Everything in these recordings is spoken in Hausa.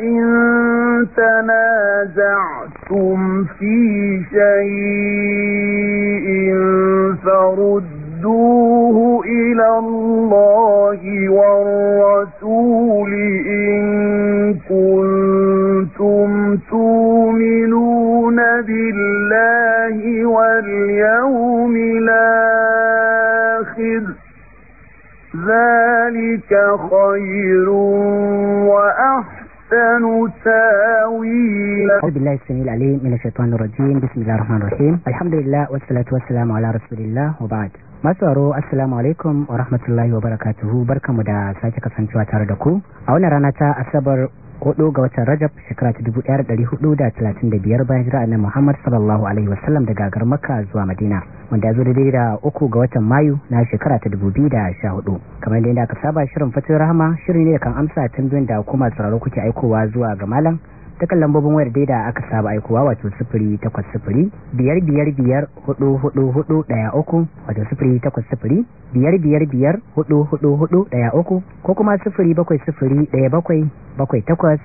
إن تنازعتم في شيء فردوه إلى الله والرسول إن كنتم تؤمنون بالله واليوم الآخر ذلك خير وأحسن أحسن تاويلا أعوذ بالله السميع العليم من الشيطان الرجيم بسم الله الرحمن الرحيم الحمد لله والصلاة والسلام على رسول الله وبعد ما سوارو السلام عليكم ورحمة الله وبركاته بركة مدى da sake kasancewa tare da ku hudu ga watan rajab shekara ta dubu ɗaya da ɗari hudu da talatin da biyar bayan jira muhammad sallallahu alaihi wasallam daga gagar makka zuwa madina wanda ya zo da daidai da uku ga watan mayu na shekara ta dubu biyu da sha hudu kamar yadda aka saba shirin fatin rahama shirin ne da kan amsa tambayoyin da kuma tsararru kuke aikowa zuwa ga malam ta kan lambobin wayar daida aka saba aikowa wato sifiri takwas sifiri biyar biyar biyar hudu hudu hudu daya uku wato sifiri takwas sifiri biyar biyar biyar hudu hudu hudu daya uku ko kuma sifiri bakwai sifiri daya bakwai bakwai takwas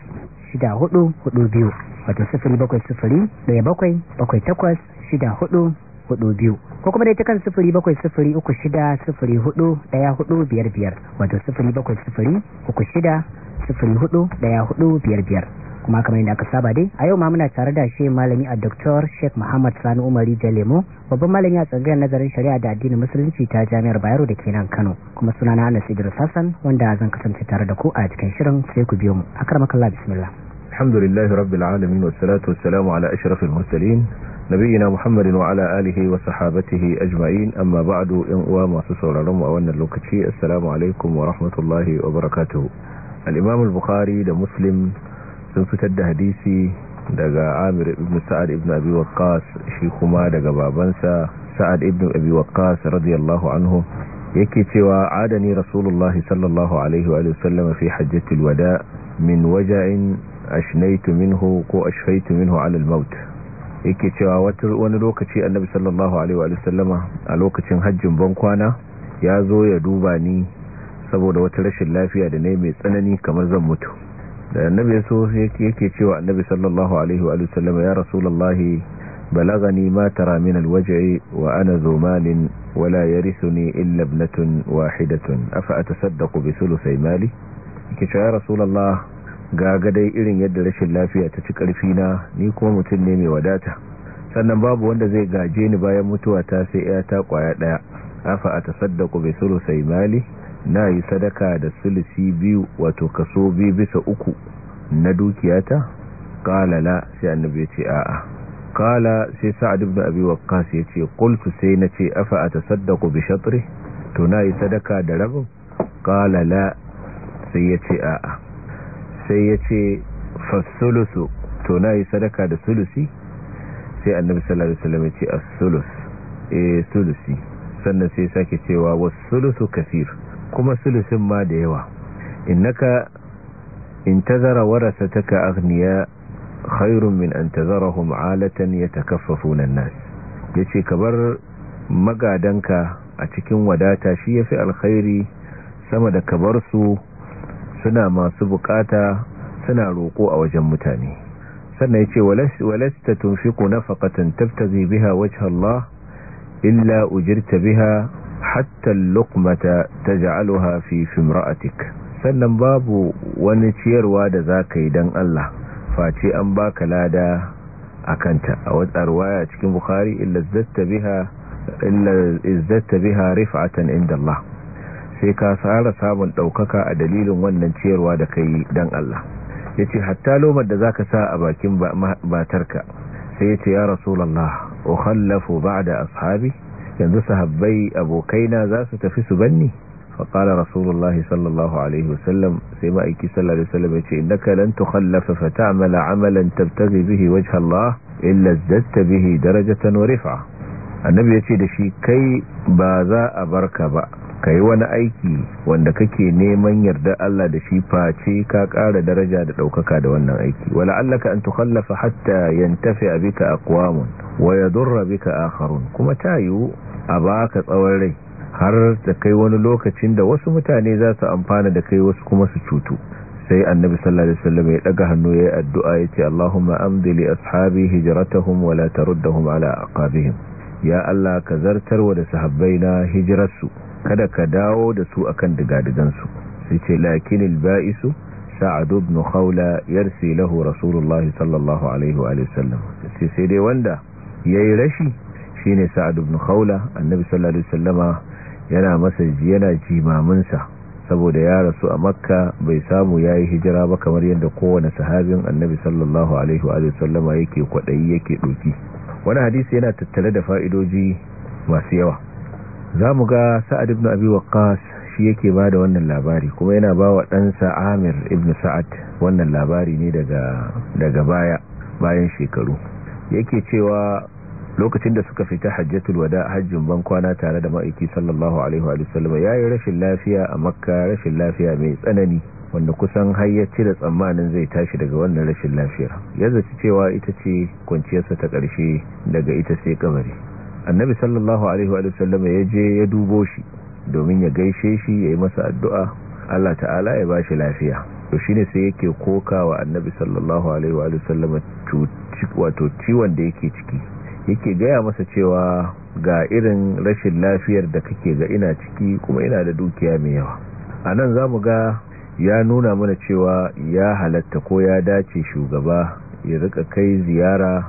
shida hudu hudu biyu wato sifiri bakwai sifiri daya bakwai bakwai takwas shida hudu hudu biyu ko kuma dai ta kan sifiri bakwai sifiri uku shida sifiri hudu daya hudu biyar biyar wato sifiri bakwai sifiri uku shida sifiri hudu daya hudu biyar biyar kuma kamar yadda aka saba dai a yau ma muna tare da shi malami a Dr. Sheikh Muhammad Sani Umari Jalemo babban malami a tsangayar nazarin shari'a da addinin musulunci ta Jami'ar Bayero da ke nan Kano kuma sunana Anas Idris Hassan wanda zan kasance tare da ku a cikin shirin sai ku biyo mu akramakallah bismillah alhamdulillah rabbil alamin wassalatu wassalamu ala ashrafil mursalin nabiyina muhammadin wa ala alihi wa sahabatihi ajma'in amma ba'du yan uwa masu sauraron mu a wannan lokaci assalamu alaikum wa rahmatullahi wa barakatuh al-imam al-bukhari da muslim sun fitar da hadisi daga amir ibn sa'ad ibn abi waqqas shi kuma daga babansa sa'ad ibn abi waqqas radiyallahu anhu yake cewa adani rasulullahi sallallahu alaihi wa sallam fi hajjatil wada min waja'in ashnaitu minhu ko ashfaitu minhu ala al-maut yake cewa wani lokaci annabi sallallahu alaihi wa sallama a lokacin hajjin bankwana ya zo ya duba ni saboda wata rashin lafiya da nayi mai tsanani kamar zan mutu da annabi so yake cewa annabi sallallahu alaihi wa sallam ya rasulullahi balagani ma tara min alwaj'i wa ana zumalin wala yarithuni illa ibnatun wahidatun afa atasaddaqu bi thuluthi mali kice ya rasulullah ga dai irin yadda rashin lafiya ta ci karfi na ni kuma mutum ne mai wadata sannan babu wanda zai gaje ni bayan mutuwa ta sai ya ta kwaya daya afa atasaddaqu bi thuluthi mali na yi sadaka da sulisi biyu wato kaso biyu bisa uku na dukiyata kala la sai annabi ya ce a'a kala sai sa'ad ibn abi waqqas ya ce qultu sai na ce afa atasaddaqu bi shatri to na yi sadaka da rabin kala la sai ya ce a'a sai ya ce fasulusu to na yi sadaka da sulusi sai annabi sallallahu alaihi wasallam ya ce as-sulus eh sulusi sannan sai sake cewa wasu wasulusu kafir kuma sulusin ma da yawa innaka in tazara warasataka aghniya khairun min an tazarahum alatan yatakaffafuna an-nas yace kabar magadanka a cikin wadata shi yafi alkhairi sama da kabar su suna masu bukata suna roƙo a wajen mutane sannan yace walasta tunfiqu nafaqatan tabtazi biha wajen Allah illa ujirta biha hatta ta luqmata taj'aluha fi fimra'atik sannan babu wani ciyarwa da zaka yi dan Allah face an baka lada akanta a wata riwaya cikin bukhari illa zatta biha illa izzatta biha rif'atan inda Allah sai ka tsara samun daukaka a dalilin wannan ciyarwa da kai dan Allah yace hatta lomar da zaka sa a bakin batarka sai yace ya rasulullah ukhallafu ba'da ashabi yanzu sahabbai abokaina za su tafi su banni faƙala rasulullahi sallallahu alaihi wasallam sai ma'aiki sallallahu alaihi wasallam ya ce innaka lan tukhallafa fata'mala amalan tabtaghi bihi wajha Allah illa zadta bihi darajatan wa rif'a annabi ya ce da shi kai ba za a barka ba ka yi wani aiki wanda kake neman yarda Allah da shi face ka ƙara daraja da ɗaukaka da wannan aiki wala allaka an tukhallafa hatta a bika aqwamun wa ka bika akharun kuma tayu a ba ka tsawon rai har da kai wani lokacin da wasu mutane za su amfana da kai wasu kuma su cutu sai annabi sallallahu alaihi wasallam ya daga hannu yayi addu'a yace Allahumma amdi li ashabi hijratuhum wa la taruddahum ala aqabihim ya Allah ka zartarwa da sahabbai na hijirarsu kada ka dawo da su akan digadigansu sai ce lakinil ba'isu sa'ad ibn khawla yarsi lahu rasulullahi sallallahu alaihi wa sallam sai sai dai wanda yayi rashi shine sa'ad ibn khawla annabi sallallahu alaihi wasallama yana masa yana jimamin sa saboda ya rasu a makka bai samu yayi hijira ba kamar yadda kowane sahabin annabi sallallahu alaihi wa sallama yake kwadayi yake doki wani hadisi yana tattare da fa'idoji masu yawa za mu ga sa'ad ibn abi waqqas shi yake ba da wannan labari kuma yana ba wa ɗansa amir ibn sa'ad wannan labari ne daga baya bayan shekaru yake cewa lokacin da suka fita hajjatul wada hajjin ban kwana tare da ma'aiki sallallahu alaihi wa yayi rashin lafiya a makka rashin lafiya mai tsanani wanda kusan har ya cire tsammanin zai tashi daga wannan rashin lafiyar ya zaci cewa ita ce kwanciyarsa ta ƙarshe daga ita sai kabari annabi sallallahu alaihi wa sallam ya je ya dubo shi domin ya gaishe shi ya yi masa addu'a Allah ta'ala ya ba shi lafiya to shine sai yake kokawa annabi sallallahu alaihi wa sallam wato ciwon da yake ciki yake gaya masa cewa ga irin rashin lafiyar da kake ga ina ciki kuma ina da dukiya mai yawa a nan za mu ga ya nuna mana cewa ya halatta ko ya dace shugaba ya rika kai ziyara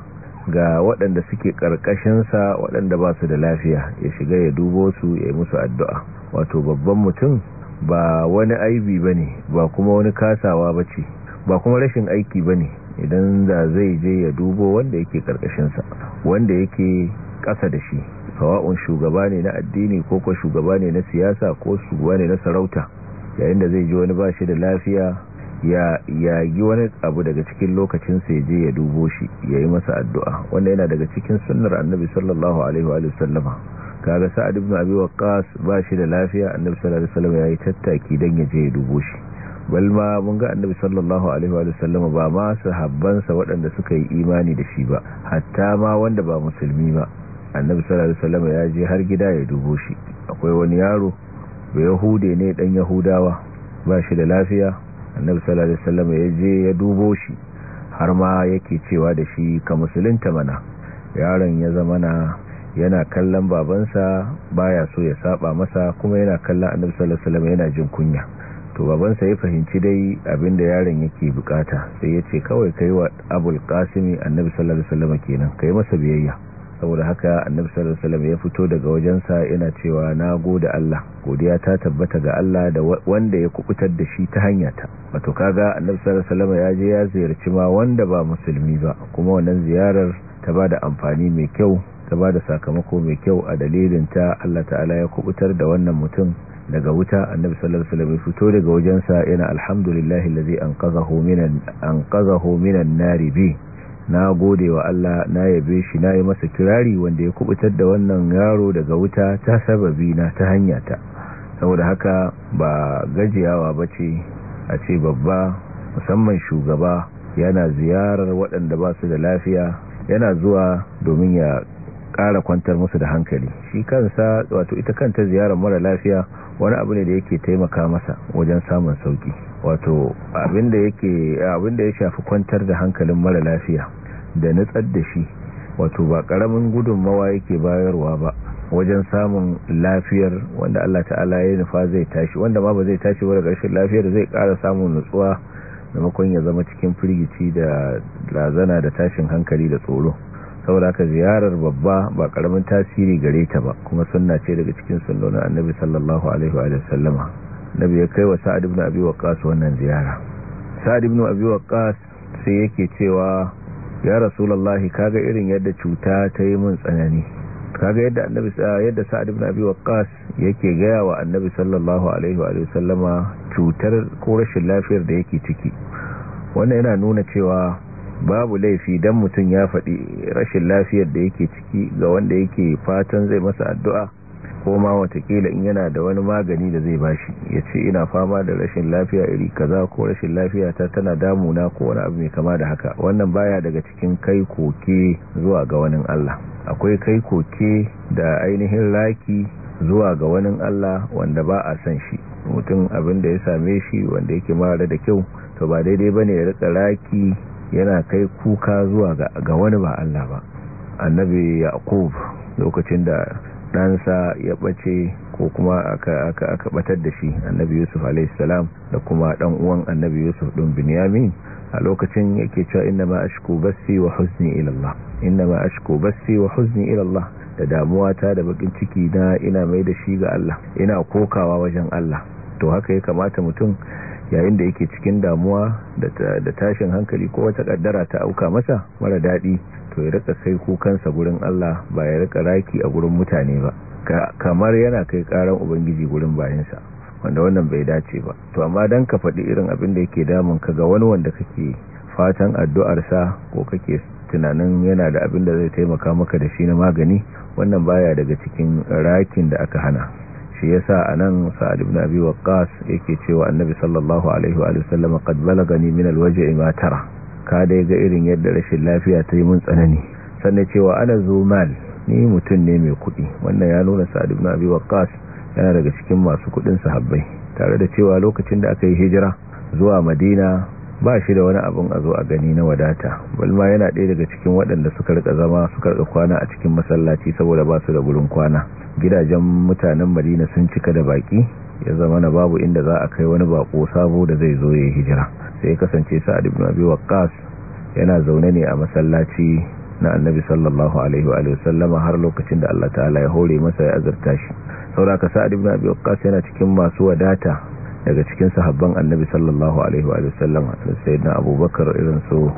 ga waɗanda suke ƙarƙashinsa waɗanda ba su da lafiya ya shiga ya dubo su ya yi musu addu'a wato babban mutum ba wani aibi ba ne ba kuma wani kasawa ba ce ba kuma rashin aiki ba ne idan da zai je ya dubo wanda yake ƙarƙashinsa wanda yake ƙasa da shi sawa'un shugaba ne na addini ko ko shugaba ne na siyasa ko shugaba ne na sarauta yayin da zai ji wani ba shi da lafiya ya yagi wani abu daga cikin lokacin sai je ya dubo shi yayi masa addu'a wanda yana daga cikin sunnar annabi sallallahu alaihi wa sallama kaga sa'ad ibn abi waqqas ba shi da lafiya annabi sallallahu alaihi wa sallama yayi tattaki dan ya je ya dubo shi bal ma mun ga annabi sallallahu alaihi wa sallama ba ma sa waɗanda suka yi imani da shi ba hatta ma wanda ba musulmi ba annabi sallallahu alaihi wa sallama ya je har gida ya dubo shi akwai wani yaro ba yahude ne dan yahudawa ba shi da lafiya annabi sallallahu alaihi wasallam ya je ya dubo shi har ma yake cewa da shi ka musulunta mana yaron ya zama na yana kallon babansa baya so ya saba masa kuma yana kallon annabi sallallahu alaihi wasallam yana jin kunya to babansa ya fahimci dai abinda yaron yake bukata sai ya ce kawai kai wa abul qasimi annabi sallallahu alaihi wasallam kenan kai masa biyayya saboda haka annabi sallallahu alaihi wasallam ya fito daga wajensa yana cewa na da Allah godiya ta tabbata ga Allah da wanda ya kubutar da shi ta hanyata wato kaga annabi sallallahu alaihi wasallam ya je ya ziyarci ma wanda ba musulmi ba kuma wannan ziyarar ta bada amfani mai kyau ta bada sakamako mai kyau a dalilin ta Allah ta'ala ya kubutar da wannan mutum daga wuta annabi sallallahu alaihi wasallam ya fito daga wajensa yana alhamdulillahi allazi anqadhahu minan anqadhahu minan nari bi na gode wa Allah na yabe shi na yi masa kirari wanda ya kubutar da wannan yaro daga wuta ta sababi na ta hanya hanyata saboda haka ba gajiyawa ba ce a ce babba musamman shugaba yana ziyarar waɗanda ba su da lafiya yana zuwa domin ya ƙara kwantar musu da hankali shi kansa wato ita kanta ziyarar mara lafiya wani abu ne da yake taimaka masa wajen samun sauki wato abinda yake abinda ya shafi kwantar da hankalin mara lafiya da nutsar da shi wato ba karamin gudunmawa yake bayarwa ba wajen samun lafiyar wanda Allah ta'ala ya nufa zai tashi wanda ma ba zai tashi ba da ƙarshen lafiyar zai ƙara samun nutsuwa da makon ya zama cikin firgici da lazana da tashin hankali da tsoro saboda haka ziyarar babba ba karamin tasiri gare ta ba kuma sunna ce daga cikin sunnonin annabi sallallahu alaihi wa sallama da bai kai wa sa'ad ibn abi waqas wannan ziyara sa'ad ibn abi waqas sai yake cewa ya rasulullahi kaga irin yadda cuta ta yi mun tsanani kaga yadda annabi yadda sa'ad ibn abi waqqas yake gaya wa annabi sallallahu alaihi wa sallama cutar ko rashin lafiyar da yake ciki wannan yana nuna cewa babu laifi dan mutum ya faɗi rashin lafiyar da yake ciki ga wanda yake fatan zai masa addu'a ko ma watakila in yana da wani magani da zai bashi ya ce ina fama da rashin lafiya iri kaza ko rashin lafiya ta tana damuna ko wani abu mai kama da haka wannan baya daga cikin kai koke zuwa ga wani Allah akwai kai koke da ainihin raki zuwa ga wani Allah wanda ba a san shi mutum abin da ya same shi wanda yake mara da kyau to ba daidai bane ya rika raki yana kai kuka zuwa ga wani ba Allah ba annabi yaqub lokacin da ɗansa ya ɓace ko kuma aka batar da shi annabi yusuf alaihissalam da kuma ɗan uwan annabi yusuf ɗin binyamin a lokacin yake cewa inna ma ashku bassi wa huzni ilallah inna ma ashku bassi wa huzni ilallah da damuwa ta da bakin ciki na ina mai da shi ga Allah ina kokawa wajen Allah to haka ya kamata mutum yayin da yake cikin damuwa da tashin hankali ko wata kaddara ta auka masa mara daɗi to ya rika kai kukansa gurin Allah ba ya rika raki a gurin mutane ba kamar yana kai karan ubangiji gurin bayansa wanda wannan bai dace ba to amma dan ka faɗi irin abin da yake damun ka ga wani wanda kake fatan addu'ar sa ko kake tunanin yana da abin da zai taimaka maka da shi na magani wannan baya daga cikin rakin da aka hana shi yasa anan sa'ad ibn abi waqqas yake cewa annabi sallallahu alaihi wa sallam qad balagani min alwaj'i ma tara ka dai ga irin yadda rashin lafiya ta yi mun tsanani sannan cewa ana mal. ni mutum ne mai kuɗi wannan ya nuna sa ibn abi waqqas yana daga cikin masu kuɗin sahabbai tare da cewa lokacin da aka yi hijira zuwa madina ba shi da wani abin a zo a gani na wadata balma yana ɗaya daga cikin waɗanda suka rika zama suka rika kwana a cikin masallaci saboda ba su da gurin kwana gidajen mutanen madina sun cika da baki ya zama na babu inda za a kai wani bako sabo da zai zo ya hijira sai ya kasance sa'ad ibn abi waqqas yana zaune ne a masallaci na annabi sallallahu alaihi wa sallama har lokacin da Allah ta'ala ya hore masa ya azurta shi sauraka sa'ad ibn abi waqqas yana cikin masu wadata daga cikin sahabban annabi sallallahu alaihi wa sallama sayyidina abubakar irin su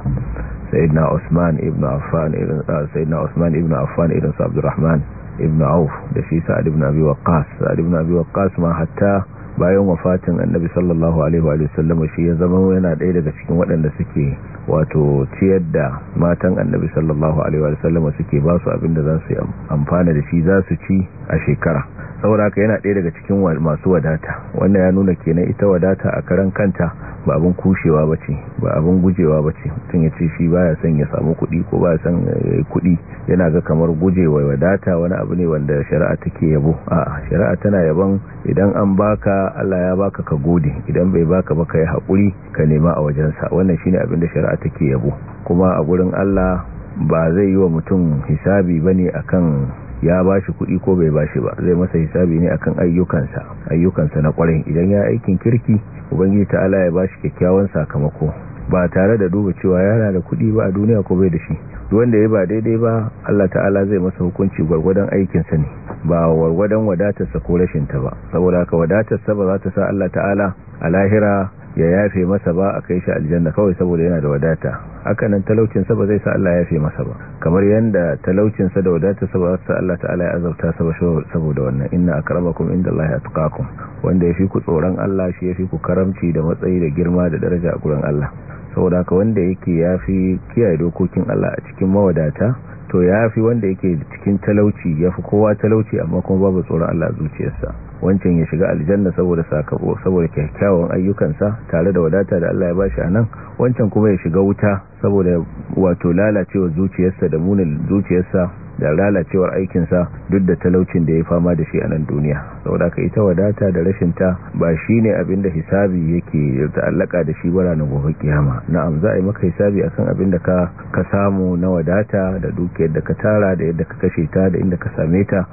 sayyidina usman ibn affan irin ah, sayyidina ibn affan irin su abdurrahman ibn auf da shi sa'ad ibn abi waqqas sa'ad ibn abi waqqas ma hatta bayan wafatin annabi sallallahu alaihi wa sallam shi ya zama yana ɗaya daga cikin waɗanda suke wato ciyar da matan annabi sallallahu alaihi wa sallam suke ba su abin da za su amfana da shi za su ci a shekara sauraka yana ɗaya daga cikin masu wadata wannan ya nuna kenan ita wadata a karan kanta ba abin kushewa ba ce ba abin gujewa ba ce mutum ya ce shi ba ya son ya samu kuɗi ko ba ya son eh, kuɗi yana ga kamar gujewa wadata wani abu ne wanda shari'a take yabo a'a shari'a tana yabon idan an baka Allah ya baka ka gode idan bai baka ba ka yi haƙuri ka nema a wajensa wannan shine abin da shari'a take yabo kuma a gurin Allah ba zai yi wa mutum hisabi bane akan ya ba shi kuɗi ko bai ba shi ba zai masa hisabi ne akan ayyukansa ayyukansa na ƙwarai idan ya aikin kirki ubangiji ta'ala ya ba shi kyakkyawan sakamako ba tare da duba cewa yana da kuɗi ba a duniya ko bai da shi wanda ya ba daidai ba Allah ta'ala zai masa hukunci gwargwadon aikinsa ne ba gwargwadon wadatarsa ko rashinta ba saboda haka wadatarsa ba za ta sa Allah ta'ala a lahira ya yafe masa ba a kai shi aljanna kawai saboda yana da wadata haka nan talaucinsa ba zai sa Allah ya yafe masa ba kamar yanda talaucinsa da wadata ba sa Allah ta'ala ya azabta sa saboda wannan inna akramakum indallahi atqakum wanda yafi ku tsoron Allah shi yafi ku karamci da matsayi da girma da daraja a gurin Allah saboda haka wanda yake yafi kiyaye dokokin Allah a cikin mawadata to ya yafi wanda yake cikin talauci ya fi kowa talauci amma kuma babu tsoron Allah a zuciyarsa wancan ya shiga aljanna saboda sakabo saboda kyakkyawan ayyukansa tare da wadata da Allah ya bashi anan wancan kuma ya shiga wuta saboda wato lalacewar zuciyarsa da munin zuciyarsa da lalacewar aikinsa duk da talaucin da ya fama da shi a nan duniya saboda ka ita wadata da rashin ta ba shine abin da hisabi yake ta'allaka da shi bara nan gobe kiyama na'am za a yi maka hisabi akan abin da ka ka samu na wadata da dukiyar da ka tara da yadda ka kashe ta da inda ka same ta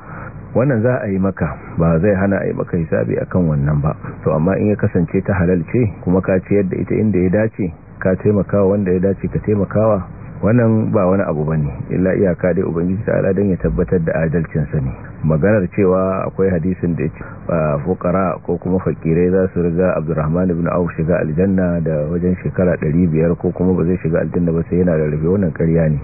wannan za a yi maka ba zai hana a yi maka hisabi akan wannan ba to amma in ya kasance ta halal kuma ka ce yadda ita inda ya dace ka taimakawa wanda ya dace ka taimakawa wannan ba wani abu ba ne illa iyaka dai ubangiji ta'ala dan ya tabbatar da adalcinsa ne maganar cewa akwai hadisin da yake fuqara ko kuma fakirai za su riga Abdurrahman ibn Auf shiga aljanna da wajen shekara 500 ko kuma ba zai shiga aljanna ba sai yana da rufe wannan karya ne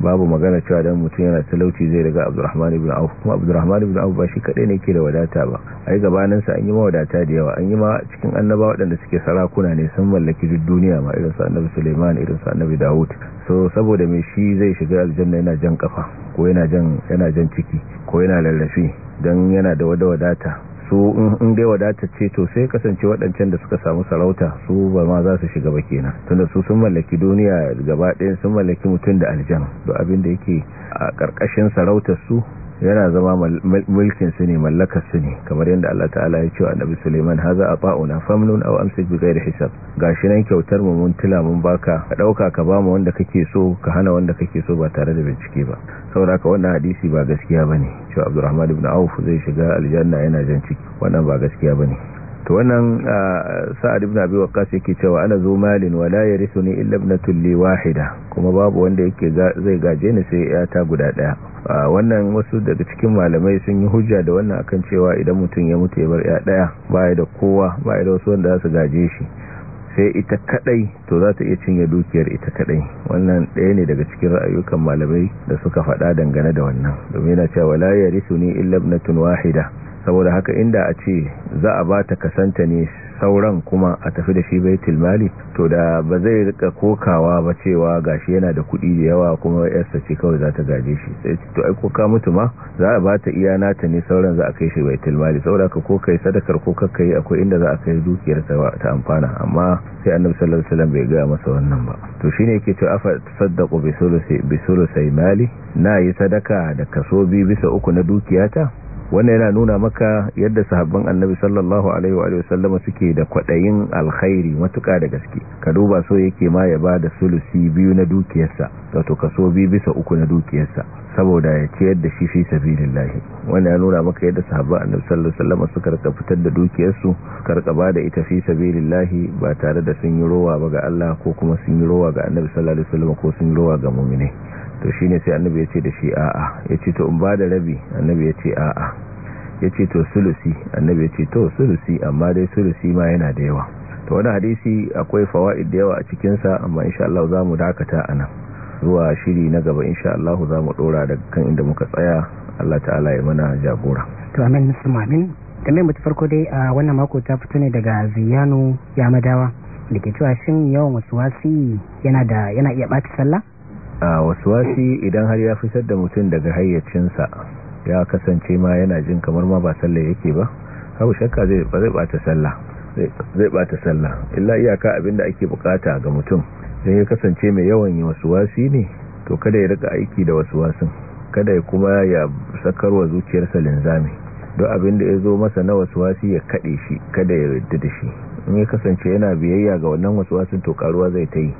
babu magana cewa dan mutum yana talauci zai riga Abdurrahman ibn Auf kuma Abdurrahman ibn Auf ba shi kadai ne ke da wadata ba ai gabanin sa an yi ma wadata da yawa an yi ma cikin annaba waɗanda suke sarakuna ne sun mallaki duk duniya ma irin sa Annabi Sulaiman irin sa Annabi Dawud so saboda me shi zai shiga aljanna yana jan kafa ko yana jan yana jan ciki ko yana lallafi dan yana da wadata su in dai wadatacce ce to sai kasance waɗancan da suka samu sarauta su ba ma za su shiga ba kenan tunda su sun mallaki duniya gaba ɗaya sun mallaki mutum da aljan da abin da yake a ƙarƙashin sarautar su yana zama mulkin su ne mallakar su ne kamar yadda Allah ta'ala ya ce wa annabi Sulaiman haza ata'una famnun aw amsik bi ghairi hisab gashi nan kyautar mu mun tila mun baka ka dauka ka ba mu wanda kake so ka hana wanda kake so ba tare da bincike ba saboda haka wannan hadisi ba gaskiya bane cewa abdulrahman ibn Auf zai shiga aljanna yana jan ciki wannan ba gaskiya bane to wannan sa'ad ibn abi waqqas yake cewa ana zo malin wala yarisuni illa ibnatul li wahida kuma babu wanda yake zai gaje ni sai ya ta guda daya wannan wasu daga cikin malamai sun yi hujja da wannan akan cewa idan mutum ya mutu ya bar ya daya baya da kowa baya da wasu wanda za su gaje shi sai ita kadai to za ta iya cinye dukiyar ita kadai wannan ɗaya ne daga cikin ra'ayukan malamai da suka faɗa dangane da wannan domin yana cewa la yarisuni illa ibnatun wahida saboda haka inda a ce za a ba ta kasanta ne sauran kuma a tafi da shi bai tilmali to da ba zai rika kokawa ba cewa gashi yana da kuɗi da yawa kuma yarsa ce kawai za ta gaje shi sai to ai koka mutu ma za a ba ta iya nata ne sauran za a kai shi bai tilmali saboda ka ko kai sadakar ko kai akwai inda za a kai dukiyar ta amfana amma sai annabi sallallahu alaihi wasallam bai ga masa wannan ba to shine yake to afa saddaqu bi sulusi bi mali na yi sadaka da kaso bi bisa uku na dukiyata wannan yana nuna maka yadda sahabban annabi sallallahu alaihi wa sallama suke da kwadayin alkhairi matuka da gaske ka duba so yake ma ya bada sulusi biyu na dukiyarsa wato kaso biyu bisa uku na dukiyarsa saboda ya ciyar da shi fi sabilillah wannan yana nuna maka yadda sahabban annabi sallallahu alaihi wa sallama suka rika fitar da dukiyarsu suka rika bada ita fi sabilillah ba tare da sun yi rowa ba ga Allah ko kuma sun yi rowa ga annabi sallallahu alaihi wa sallama ko sun yi rowa ga mu'mini to shi ne sai annabi ya ce da shi a'a ya ce to in ba da rabi annabi ya ce a'a ya ce to sulusi annabi ya ce to sulusi amma dai sulusi ma yana da yawa to wani hadisi akwai fawaid da yawa a cikinsa amma insha Allah za mu dakata a nan zuwa shiri na gaba insha Allah za mu dora daga kan inda muka tsaya Allah ta'ala ya mana jagora to amin musulmanin tambayar mu ta farko dai a wannan mako ta fito ne daga Ziyano Yamadawa da ke cewa shin yawan wasu wasi yana da yana iya bata sallah a wasi idan har ya fitar da mutum daga hayyacinsa ya kasance ma yana jin kamar ma ba sallah yake ba habu shakka zai ba bata sallah zai bata sallah illa iyaka abinda ake bukata ga mutum dan ya kasance mai yawan yi waswasi ne to kada ya rika aiki da waswasin kada ya kuma ya sakarwa zuciyarsa linzami don abinda ya zo masa na wasuwasi ya kade shi kada ya yarda da shi in ya kasance yana biyayya ga wannan wasuwasin to karuwa zai ta yi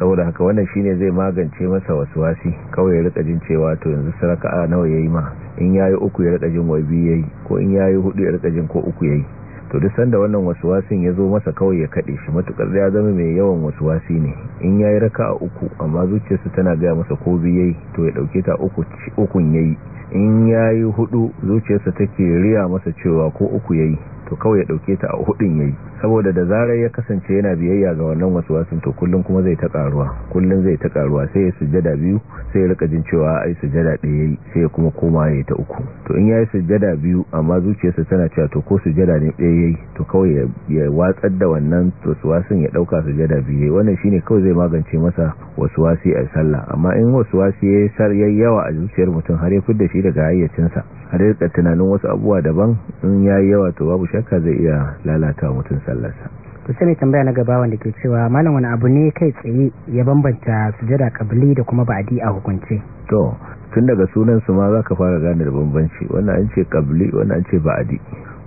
saboda haka wannan shine zai magance masa wasu wasi kawai ya rika jin cewa to yanzu saraka'a nawa yayi ma in yayi uku ya rika jin wai biyu yayi ko in yayi hudu ya rika jin ko uku yayi to duk sanda wannan wasu waswasin ya zo masa kawai ya kade shi matukar ya zama mai yawan wasu waswasi ne in yayi a uku amma zuciyarsa tana ga masa ko biyu yayi to ya dauke ta uku ukun yayi in yayi hudu zuciyarsa take riya masa cewa ko uku yayi to kawai ya dauke ta a hudun yayi saboda da zarar ya kasance yana biyayya ga wannan waswasin to kullun kuma zai ta karuwa kullun zai ta karuwa sai ya sujjada biyu sai ya rika jin cewa ai sujjada ɗaya yayi sai kuma koma yayi ta uku to in yayi sujjada biyu amma zuciyarsa tana cewa to ko sujjada ne ɗaya yayi to kawai ya watsar da wannan waswasin ya dauka sujjada biyu yayi wannan shine kawai zai magance masa waswasi a sallah amma in waswasi yayi sar yawa a zuciyar mutum har ya fidda shi daga hayyacinsa har ya tunanin wasu abubuwa daban in yayi yawa to babu sha shakka zai iya lalata mutum sallarsa to sai tambaya na gaba wanda ke cewa malam wani abu ne kai tsaye ya bambanta sujada kabili da kuma ba'adi a hukunci. to tun daga sunan su ma zaka fara gane da bambanci wannan an ce kabili wannan an ce ba'adi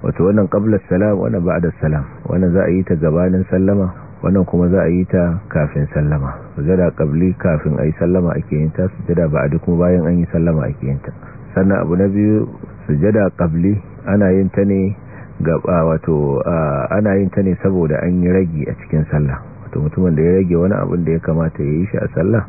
wato wannan qabla salam wannan ba'da salam wannan za a yi ta gabanin sallama wannan kuma za a yi ta kafin sallama sujada kabili kafin ayi sallama ake yin ta sujada ba'adi kuma bayan an yi sallama ake yin ta sannan abu na biyu sujada kabli ana yin ta ne gaba wato ana yin ta ne saboda an yi ragi a cikin sallah wato mutumin da ya rage wani abin da ya kamata ya yi shi a sallah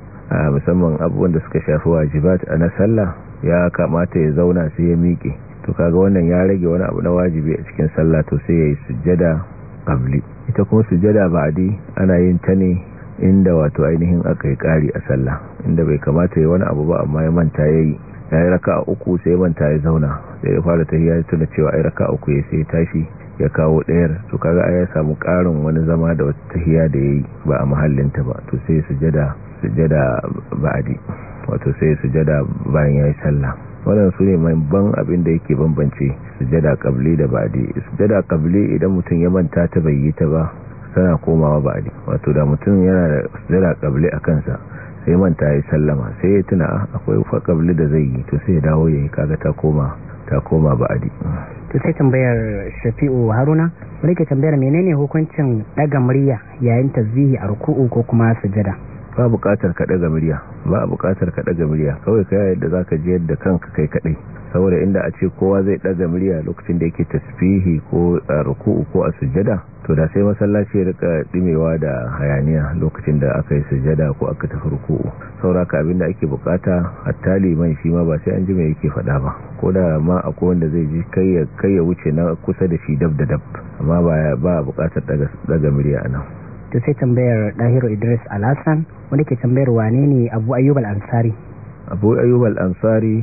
musamman abubuwan da suka shafi wajibat a na sallah ya kamata ya zauna sai ya miƙe to kaga wannan ya rage wani abu na wajibi a cikin sallah to sai ya yi sujjada qabli ita kuma sujjada ba'di ana yin ta ne inda wato ainihin aka yi kari a sallah inda bai kamata ya wani abu ba amma ya manta yayi ya yi raka uku sai manta ya zauna da ya fara ta ya tuna cewa ai raka uku ya sai tashi ya kawo ɗayar to kaga ai ya samu ƙarin wani zama da wata tahiya da yayi ba a ta ba to sai sujada sujada ba'adi wato sai sujada bayan yayi sallah wannan su ne ban abin da yake bambance sujada qabli da ba'adi sujada qabli idan mutum ya manta ta bai yi ta ba tana komawa ba'adi wato da mutum yana da sujada qabli a kansa sai manta ya sallama sai ya tuna ah, akwai faƙabli da zai yi to sai ya dawo ya yi kaga ta koma ta koma ba'adi to sai tambayar shafi'u haruna wani rike tambayar menene hukuncin daga murya yayin tasbihi a ruku'u ko kuma sujada ba buƙatar ka daga murya ba buƙatar ka daga murya kawai kai yadda za ka ji yadda kanka kai kadai saboda inda a ce kowa zai daga murya lokacin da yake tasbihi ko ruku'u ko a sujada to da sai masallaci ya rika dimewa da hayaniya lokacin da aka yi sujada ko aka tafi ruku'u sauraka da ake bukata hatta liman shi ma ba sai an jima yake faɗa ba ko da ma akwai wanda zai ji kai ya wuce na kusa da shi dab da dab amma ba ba bukatar daga daga murya anan to sai tambayar Dahiru Idris Alhassan wanda ke tambayar wane ne Abu Ayyub ansari Abu Ayyub ansari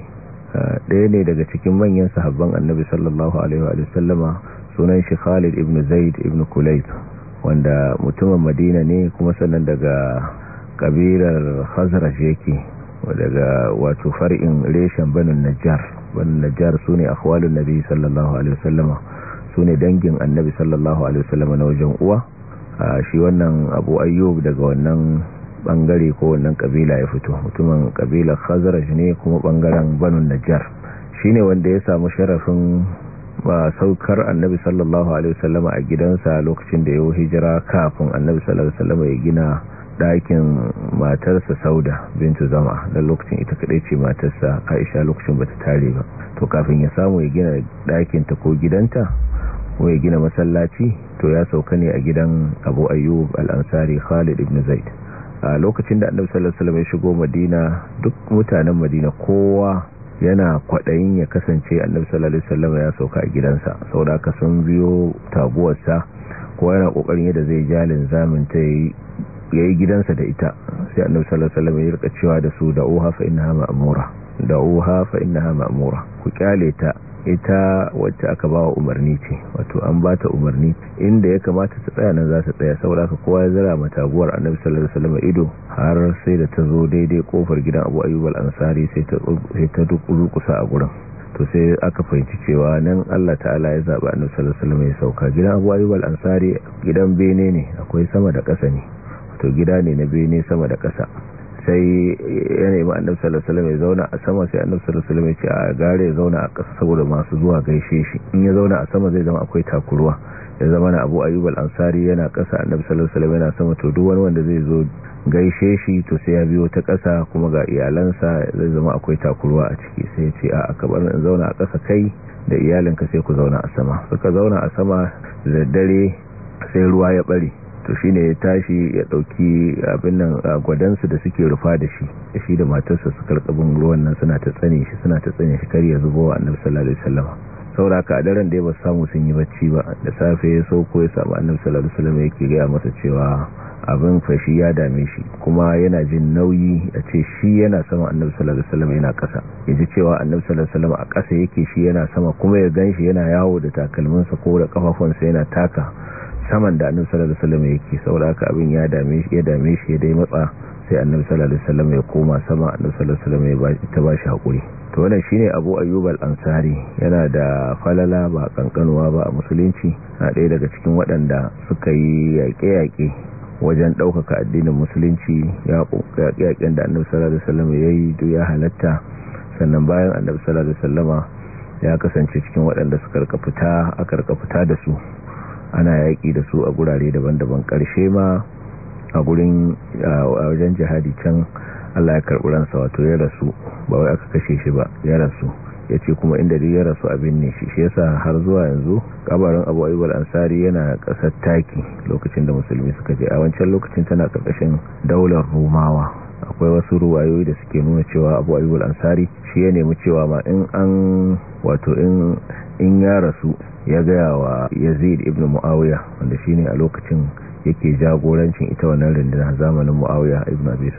ah, ɗaya ne daga cikin manyan sahabban Annabi sallallahu alaihi wa sallama sunan shi khalid ibn zaid ibn kulayt wanda mutumin madina ne kuma sannan daga kabilar khazraj yake daga wato far'in reshen banin najjar banin najjar su ne akhwalun nabi sallallahu alaihi wasallam su dangin annabi sallallahu alaihi wasallam na wajen uwa shi wannan abu ayyub daga wannan bangare ko wannan kabila ya fito mutumin kabilar khazraj ne kuma bangaren banin najjar shine wanda ya samu sharafin ba saukar annabi sallallahu alaihi wasallama a gidansa lokacin da ya hijira kafin annabi sallallahu alaihi wasallama ya gina ɗakin matarsa sauda bintu zama da lokacin ita kaɗai ce matarsa aisha lokacin bata tare ba to kafin ya samu ya gina ta ko gidanta ko ya gina masallaci to ya sauka ne a gidan abu ayyub ansari khalid ibn zaid a lokacin da annabi sallallahu alaihi wasallam ya shigo madina duk mutanen madina kowa yana kwaɗayin ya kasance annabi sallallahu alaihi wasallam ya sauka a gidansa saboda ka sun biyo taguwarsa ko yana kokarin yadda zai jalin zamin ta yayi gidansa da ita sai annabi sallallahu alaihi wasallam ya rika cewa da su da uha fa innaha ma'mura da uha fa innaha ma'mura ku kyale ta ita wacce aka ba wa umarni ce wato an ba ta umarni inda ya kamata ta tsaya nan za ta tsaya saboda haka kowa ya zira mataguwar annabi sallallahu alaihi wasallam ido har sai da ta zo daidai kofar gidan Abu Ayyub al-Ansari sai ta sai ta a gurin to sai aka fahimci cewa nan Allah ta'ala ya zaba annabi sallallahu alaihi wasallam ya sauka gidan Abu Ayyub al-Ansari gidan bene ne akwai sama da ƙasa ne to gida ne na bene sama da ƙasa sai ya nemi annabi sallallahu ya zauna a sama sai annabi sallallahu ya ce a gare ya zauna a ƙasa saboda masu zuwa gaishe shi in ya zauna a sama zai zama akwai takurwa ya zama na Abu Ayyub al'ansari yana ƙasa annabi sallallahu yana sama to duk wani wanda zai zo gaishe shi to sai ya biyo ta ƙasa kuma ga iyalansa zai zama akwai takurwa a ciki sai ya ce a ka bar in zauna a ƙasa kai da iyalinka sai ku zauna a sama suka zauna a sama da dare sai ruwa ya bare to shi ne ya tashi ya ɗauki abin nan gwadansu da suke rufa da shi da shi da matarsa su karɓi ruwan nan suna ta tsane shi suna ta tsane shi kar ya zubo wa annabi sallallahu alaihi wasallam sauraka a daren da ya ba samu sun yi bacci ba da safe ya sauko ya samu annabi sallallahu alaihi wasallam yake gaya masa cewa abin fashi ya dame shi kuma yana jin nauyi a ce shi yana sama annabi sallallahu alaihi wasallam yana ƙasa ya ji cewa annabi sallallahu alaihi wasallam a ƙasa yake shi yana sama kuma ya gan shi yana yawo da takalminsa ko da kafafunsa yana taka saman da annabi sallallahu alaihi wasallam yake saboda haka abin ya dame shi ya dame shi ya dai matsa sai annabi sallallahu alaihi wasallam ya koma sama annabi sallallahu alaihi wasallam ya ta hakuri to wannan shine Abu Ayyub al-Ansari yana da falala ba kankanuwa ba a musulunci a ɗaya daga cikin waɗanda suka yi yaƙe-yaƙe wajen ɗaukaka addinin musulunci ya yaƙen da annabi sallallahu alaihi wasallam ya yi ya halatta sannan bayan annabi sallallahu alaihi wasallama ya kasance cikin waɗanda suka karkafuta aka rika da su ana yaƙi da su a gurare daban-daban ƙarshe ma a gurin wajen jihadi can Allah ya karɓi ransa wato ya rasu ba wai aka kashe shi ba ya rasu ya ce kuma inda dai ya rasu abin ne shi shi yasa har zuwa yanzu kabarin abu ayyubal ansari yana ƙasar taki lokacin da musulmi suka je a wancan lokacin tana ƙarƙashin daular rumawa akwai wasu ruwayoyi da suke nuna cewa abu ayyubal ansari shi ya nemi cewa ma in an wato in in ya rasu ya gaya wa yazid ibn mu'awiya wanda shi ne a lokacin yake jagorancin ita wannan rindina zamanin mu'awiya ibn abi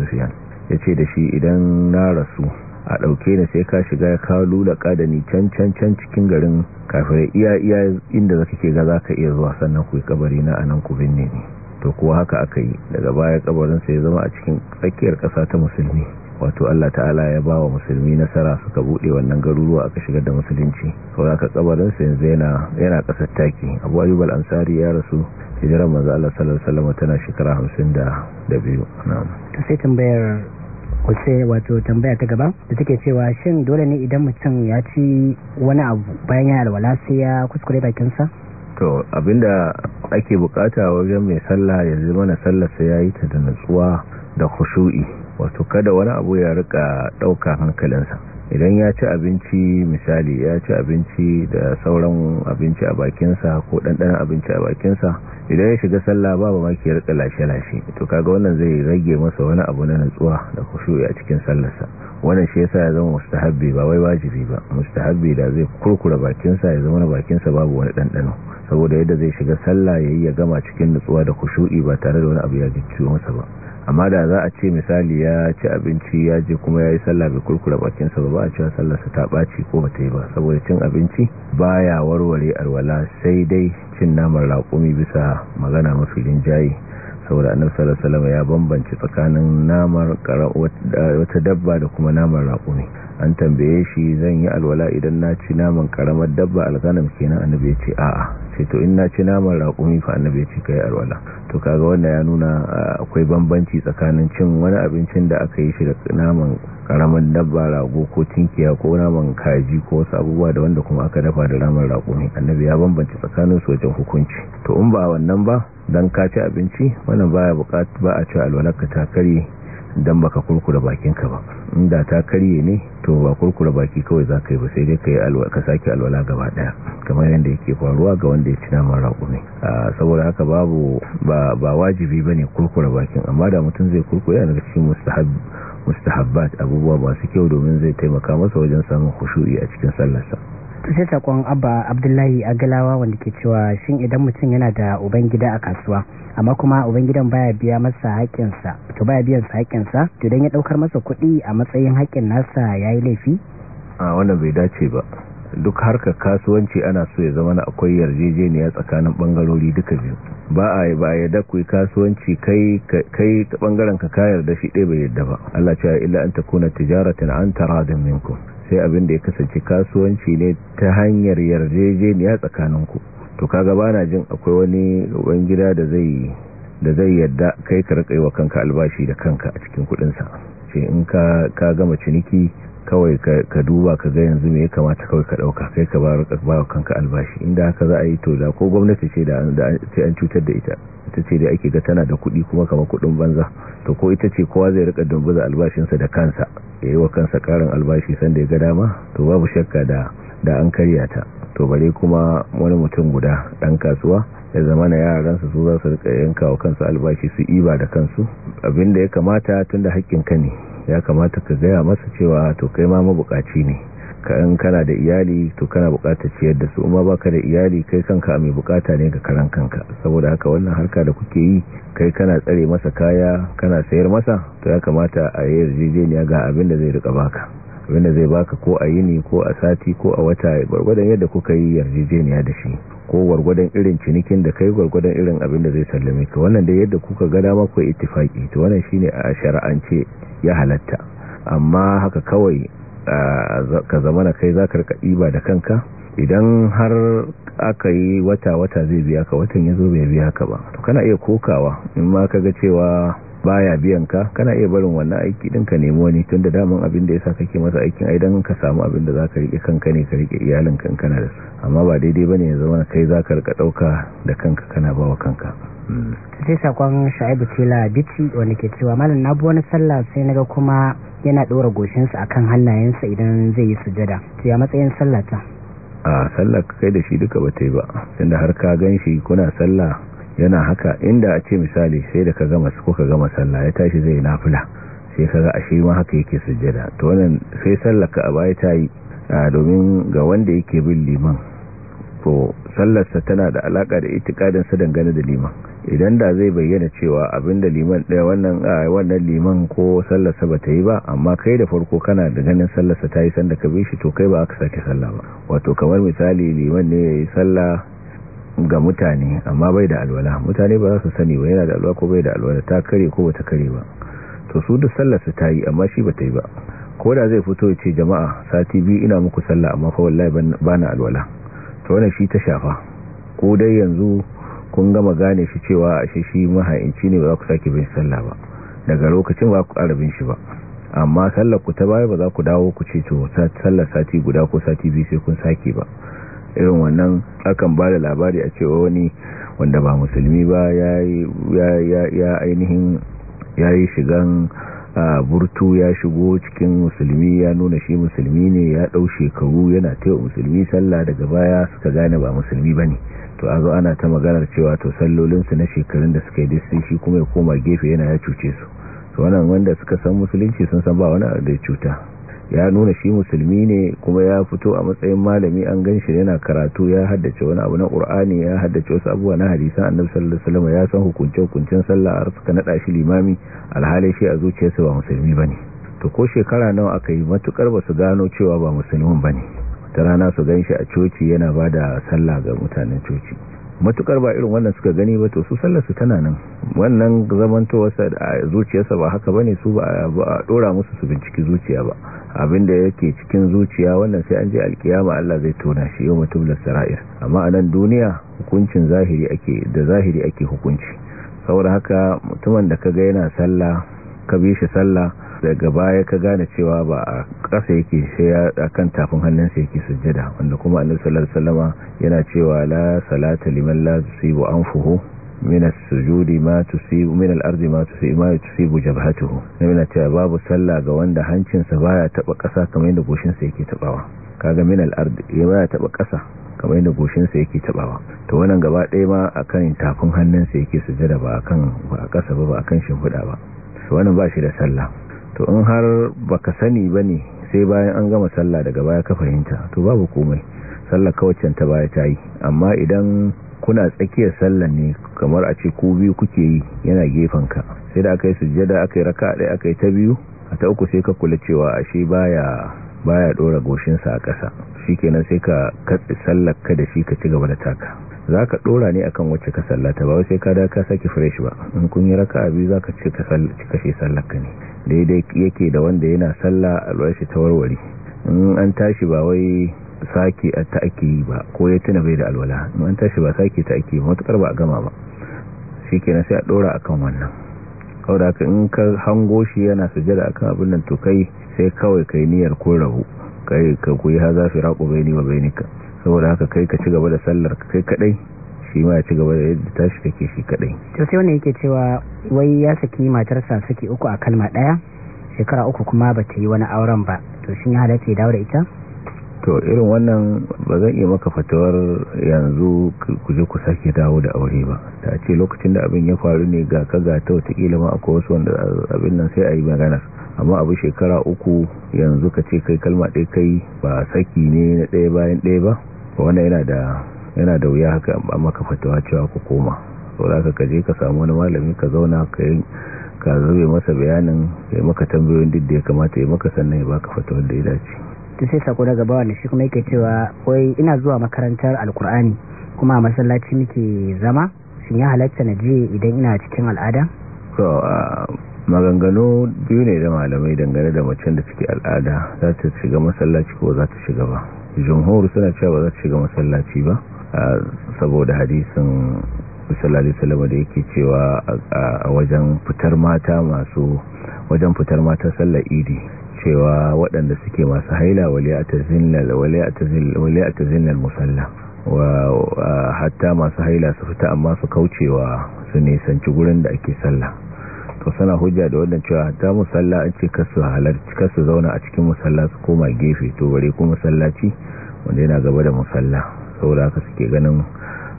ya ce da shi idan na rasu a ɗauke na sai ka shiga ya kawo lulaka da ni can can can cikin garin kafirai iya iya inda zaka ke ga zaka iya zuwa sannan ku yi kabari na anan ku binne ne to kuwa haka aka yi daga baya kabarin sai ya zama a cikin tsakiyar ƙasa ta musulmi wato Allah ta'ala ya ba wa musulmi nasara suka bude wannan garuruwa aka shigar da musulunci saboda ka yanzu yana yana kasar taki Abu Ayyub al-Ansari ya rasu hijirar maza Allah sallallahu alaihi tana shekara 52 ta sai tambayar kusa wato tambaya ta gaba da take cewa shin dole ne idan mutum ya ci wani abu bayan ya alwala sai ya kuskure bakinsa to abinda ake bukata wajen mai sallah yanzu mana sallar sai yi ta da nutsuwa da khushu'i wato kada wani abu ya rika ɗauka hankalinsa idan ya ci abinci misali ya ci abinci da sauran abinci a bakinsa ko ɗanɗanon abinci a bakinsa idan ya shiga sallah babu maki ya rika lashe-lashe to kaga wannan zai rage masa wani abu na nutsuwa da kushu'i a cikin sallarsa wannan shi yasa ya zama mustahabbi ba wai wajibi ba mustahabbi da zai kurkura bakinsa ya zama bakinsa babu wani ɗanɗano saboda yadda zai shiga sallah yayi ya gama cikin nutsuwa da kushu'i ba tare da wani abu ya gicciyo masa ba amma da za a ce misali ya ci abinci ya je kuma ya yi sallah bai kurkura bakinsa ba ba a cewa sallarsa ta ɓaci ko ba yi ba saboda cin abinci ba ya warware alwala sai dai cin naman raƙumi bisa magana mafi rinjaye saboda annabi sallallahu ya bambance tsakanin namar wata dabba da kuma namar raƙumi an tambaye shi zan yi alwala idan na ci naman karamar dabba alganam kenan annabi ya ce a'a ce to in na ci naman raƙumi fa annabi ya ce yi alwala to kaga wannan ya nuna ah, akwai bambanci tsakanin cin wani abincin da aka yi shi da naman karamar dabba rago ko tinkiya ko naman kaji ko wasu abubuwa da wanda kuma aka dafa da naman raƙumi annabi ya bambance tsakanin su wajen hukunci to in ba wannan ba dan ka ci abinci wannan baya bukatu ba a ci alwalarka ta karye dan baka kurkura bakinka ba inda ta karye ne to ba kurkura baki kawai za ka yi ba sai dai ka yi ka sake alwala gaba daya kamar yadda yake faruwa ga wanda ya ci naman raƙumi saboda haka babu ba ba ne kurkura bakin amma da mutum zai kurkura yana daga cikin mustahab mustahabbat abubuwa masu kyau domin zai taimaka masa wajen samun khushu'i a cikin sallarsa sai sakon abba abdullahi a galawa wanda ke cewa shin idan mutum yana da ubangida a kasuwa amma kuma ubangidan baya biya masa haƙƙinsa to baya biyan sa haƙƙinsa to dan ya ɗaukar masa kuɗi a matsayin haƙƙin nasa yayi laifi a wannan bai dace ba duk harkar kasuwanci ana so ya zama na akwai yarjejeniya tsakanin bangarori duka biyu ba a yi ba da kasuwanci kai kai ta bangaren ka kayar da shi ɗaya bai yadda ba Allah ce illa an takuna tijaratan an taradin minkum sai abin da ya kasance kasuwanci ne ta hanyar yarjejeniya tsakanin ku to kaga ba na jin akwai wani ruwan gida da zai da zai yadda kai ka rika kanka albashi da kanka a cikin kudin sa ce in ka ka gama ciniki kawai ka duba ka ga yanzu me ya kamata kawai ka dauka kai ka bar wa kanka albashi inda haka za a yi to ko gwamnati ce da sai an cutar da ita ita ce da ake ga tana da kuɗi kuma kamar kuɗin banza to ko ita ce kowa zai rika dumbuza albashinsa da kansa ya yi wa kansa karin albashi sanda ya ga dama to babu shakka da da an karya ta to bare kuma wani mutum guda dan kasuwa ya zama na yaransu su za su rika yanka wa kansu albashi su iba da kansu abinda ya kamata tun da haƙƙinka ne ya kamata ka gaya masa cewa to kai ma mabukaci ne ka kana da iyali to kana bukatar ciyar da su amma baka da iyali kai kanka mai bukata ne ga karan kanka saboda haka wannan harka da kuke yi kai kana tsare masa kaya kana sayar masa to ya kamata a yi yarjejeniya ga abin da zai rika baka abin da zai baka ko a yini ko a sati ko a wata gwargwadon yadda kuka yi yarjejeniya da shi ko gwargwadon irin cinikin da kai gwargwadon irin abin da zai sallame ka wannan da yadda kuka ga dama ku ittifaki to wannan shine a shari'ance ya halatta amma haka kawai ka zama na kai za ka rika iba da kanka idan har aka yi wata-wata zai biya ka watan ya zo bai biya ka ba to kana iya kokawa in ma ka ga cewa baya biyan ka kana iya barin wannan aiki din ka nemi wani tunda daman abin da yasa kake masa aikin ai dan ka samu abin da zaka rike kanka ne ka rike iyalin kan da amma ba daidai bane ya zama kai zaka rika dauka da kanka kana bawa kanka hmm. sai sakon Shaibu Tela bici wanda ke cewa malam na bu wani sallah sai naga kuma yana dora sa akan hannayensa idan zai yi sujada to ya matsayin sallah ta a sallah kai da shi duka bata yi ba tunda har ka gan shi kuna sallah yana haka inda a ce misali sai da ka gama su ka gama sallah ya tashi zai fula sai ka ga shi ma haka yake sujjada to wannan sai ka a baya ta yi domin ga wanda yake bin liman to sallarsa tana da alaka da itikadin sa dangane da liman idan da zai bayyana cewa abin da liman ɗaya eh, wannan wannan liman ko sallarsa ba ta yi ba amma kai da farko kana da ganin sallarsa ta yi sanda ka bi shi to kai ba aka sake sallah ba wato kamar misali liman ne ya yi sallah ga mutane amma bai da alwala mutane ba za su sani ba yana da alwala ko bai da alwala ta kare ko bata kare ba to su duk sallar su ta yi amma shi bata yi ba ko da zai fito ya ce jama'a sati biyu ina muku sallah amma fa wallahi ba na alwala to wannan shi ta shafa ko dai yanzu kun gama gane shi cewa a shi shi maha'inci ne ba za ku sake bin sallah ba daga lokacin ba ku ƙara bin shi ba amma sallar ku ta baya ba za ku dawo ku ce to sallar sati guda ko sati biyu sai kun sake ba irin wannan akan ba da labari a cewa wani wanda ba musulmi ba ya ainihin ya yi shigan burtu ya shigo cikin musulmi ya nuna shi musulmi ne ya ɗau shekaru yana taiwa musulmi sallah daga baya suka gane ba musulmi ba ne to a zo ana ta maganar cewa to sallolinsu na shekarun da suka yi shi kuma ya koma gefe yana ya cuce su to wannan wanda suka san musulunci sun san ba wani da cuta ya nuna shi musulmi ne kuma ya fito a matsayin malami an gan shi yana karatu ya haddace wani abu na qur'ani ya haddace wasu abubuwa na hadisan annabi sallallahu alaihi wasallam ya san hukunce hukuncin sallah har suka nada shi limami alhali shi a zuciyarsa ba musulmi bane to ko shekara nawa aka yi matukar ba su gano cewa ba musulmin bane ta rana su gan shi a coci yana ba da sallah ga mutanen coci matukar ba irin wannan suka gani ba to su sallar su tana nan wannan zamantowarsa a zuciyarsa ba haka ne su ba a dora musu su binciki zuciya ba abin abinda yake cikin zuciya wannan sai an je alkiyama Allah zai tona shi yau mutum da sara'ir amma a nan duniya hukuncin zahiri ake da zahiri ake hukunci saboda haka mutumin da ka ga yana sallah ka bi shi sallah daga baya ka gane cewa ba a ƙasa yake sai a kan tafin hannunsa yake sujjada wanda kuma annabi sallallahu alaihi wasallama yana cewa la salata liman la tusibu anfuhu min as-sujudi ma tusibu min ardi ma tusibu ma tusibu jabhatuhu yana babu sallah ga wanda hancinsa baya taba kasa kamar yadda goshinsa sa yake tabawa kaga min al ya baya taba kasa kamar yadda goshinsa yake tabawa to wannan gaba ɗaya ma akan tafin hannun sa yake sujada ba akan ba a kasa ba ba akan shimfiɗa ba wannan ba shi da sallah to in har baka sani bane sai bayan an gama sallah daga baya ka fahimta to babu komai sallar kawacin ta baya ta yi amma idan kuna tsakiyar sallah ne kamar a ce ku biyu kuke yi yana gefen ka sai da aka yi sujjada aka yi raka ɗaya aka yi ta biyu a ta uku sai ka kula cewa ashe baya baya dora goshinsa a ƙasa kenan sai ka katsi sallar ka da shi ka ci gaba da taka za ka dora ne akan wacce ka sallata ba sai ka da ka saki fresh ba in kun yi raka biyu za ka ci kashe sallar ka ne daidai yake da wanda yana sallah alwashi ta warware in an tashi ba wai sake a ake ba ko ya tuna bai da alwala in an tashi ba sake ta ake ba matukar ba a gama ba shi kenan sai a ɗora akan wannan kawai haka in ka hango shi yana sujada akan abin nan to kai sai kawai kai niyyar ko rabu kai ka koyi ha zafi raƙo bai ni bai nika saboda haka kai ka ci gaba da sallar ka kai kadai shi ma ya ci gaba da yadda tashi kake shi kaɗai. to sai wani yake cewa wai ya saki matarsa saki uku a kalma ɗaya shekara uku kuma ba ta yi wani auren ba to shin ya halatta ya dawo da ita to irin wannan ba zan iya maka fatawar yanzu kuje je ku sake dawo da aure ba ta ce lokacin da abin ya faru ne ga ka ga ta watakila ma akwai wasu wanda abin nan sai a yi magana amma abu shekara uku yanzu ka ce kai kalma ɗaya kai ba saki ne na ɗaya bayan ɗaya ba wannan yana da yana da wuya haka amma maka fatawa cewa ku koma to za ka je ka samu wani malami ka zauna ka yi ka zube masa bayanin ya maka tambayoyin duk da ya kamata ya maka sannan ya baka fatawar da ya dace ta sai sako daga bawa da shi kuma yake cewa wai ina zuwa makarantar alkur'ani kuma a masallaci muke zama shin ya halatta na je idan ina cikin al'ada so maganganu biyu ne da malamai dangane da macen da suke al'ada za ta shiga masallaci ko za ta shiga ba jumhur suna cewa ba za ta shiga masallaci ba saboda hadisin sallallahu salama da yake cewa a wajen fitar mata masu wajen fitar mata sallar idi cewa waɗanda suke masu haila wale a ta zinnar musalla wa hatta masu haila su fita amma su kaucewa su nisanci gurin da ake sallah to suna hujja da wannan cewa hatta musalla an ce kasu halarci kasu zauna a cikin musalla su koma gefe to bare ko musallaci wanda yana gaba da musalla saboda haka suke ganin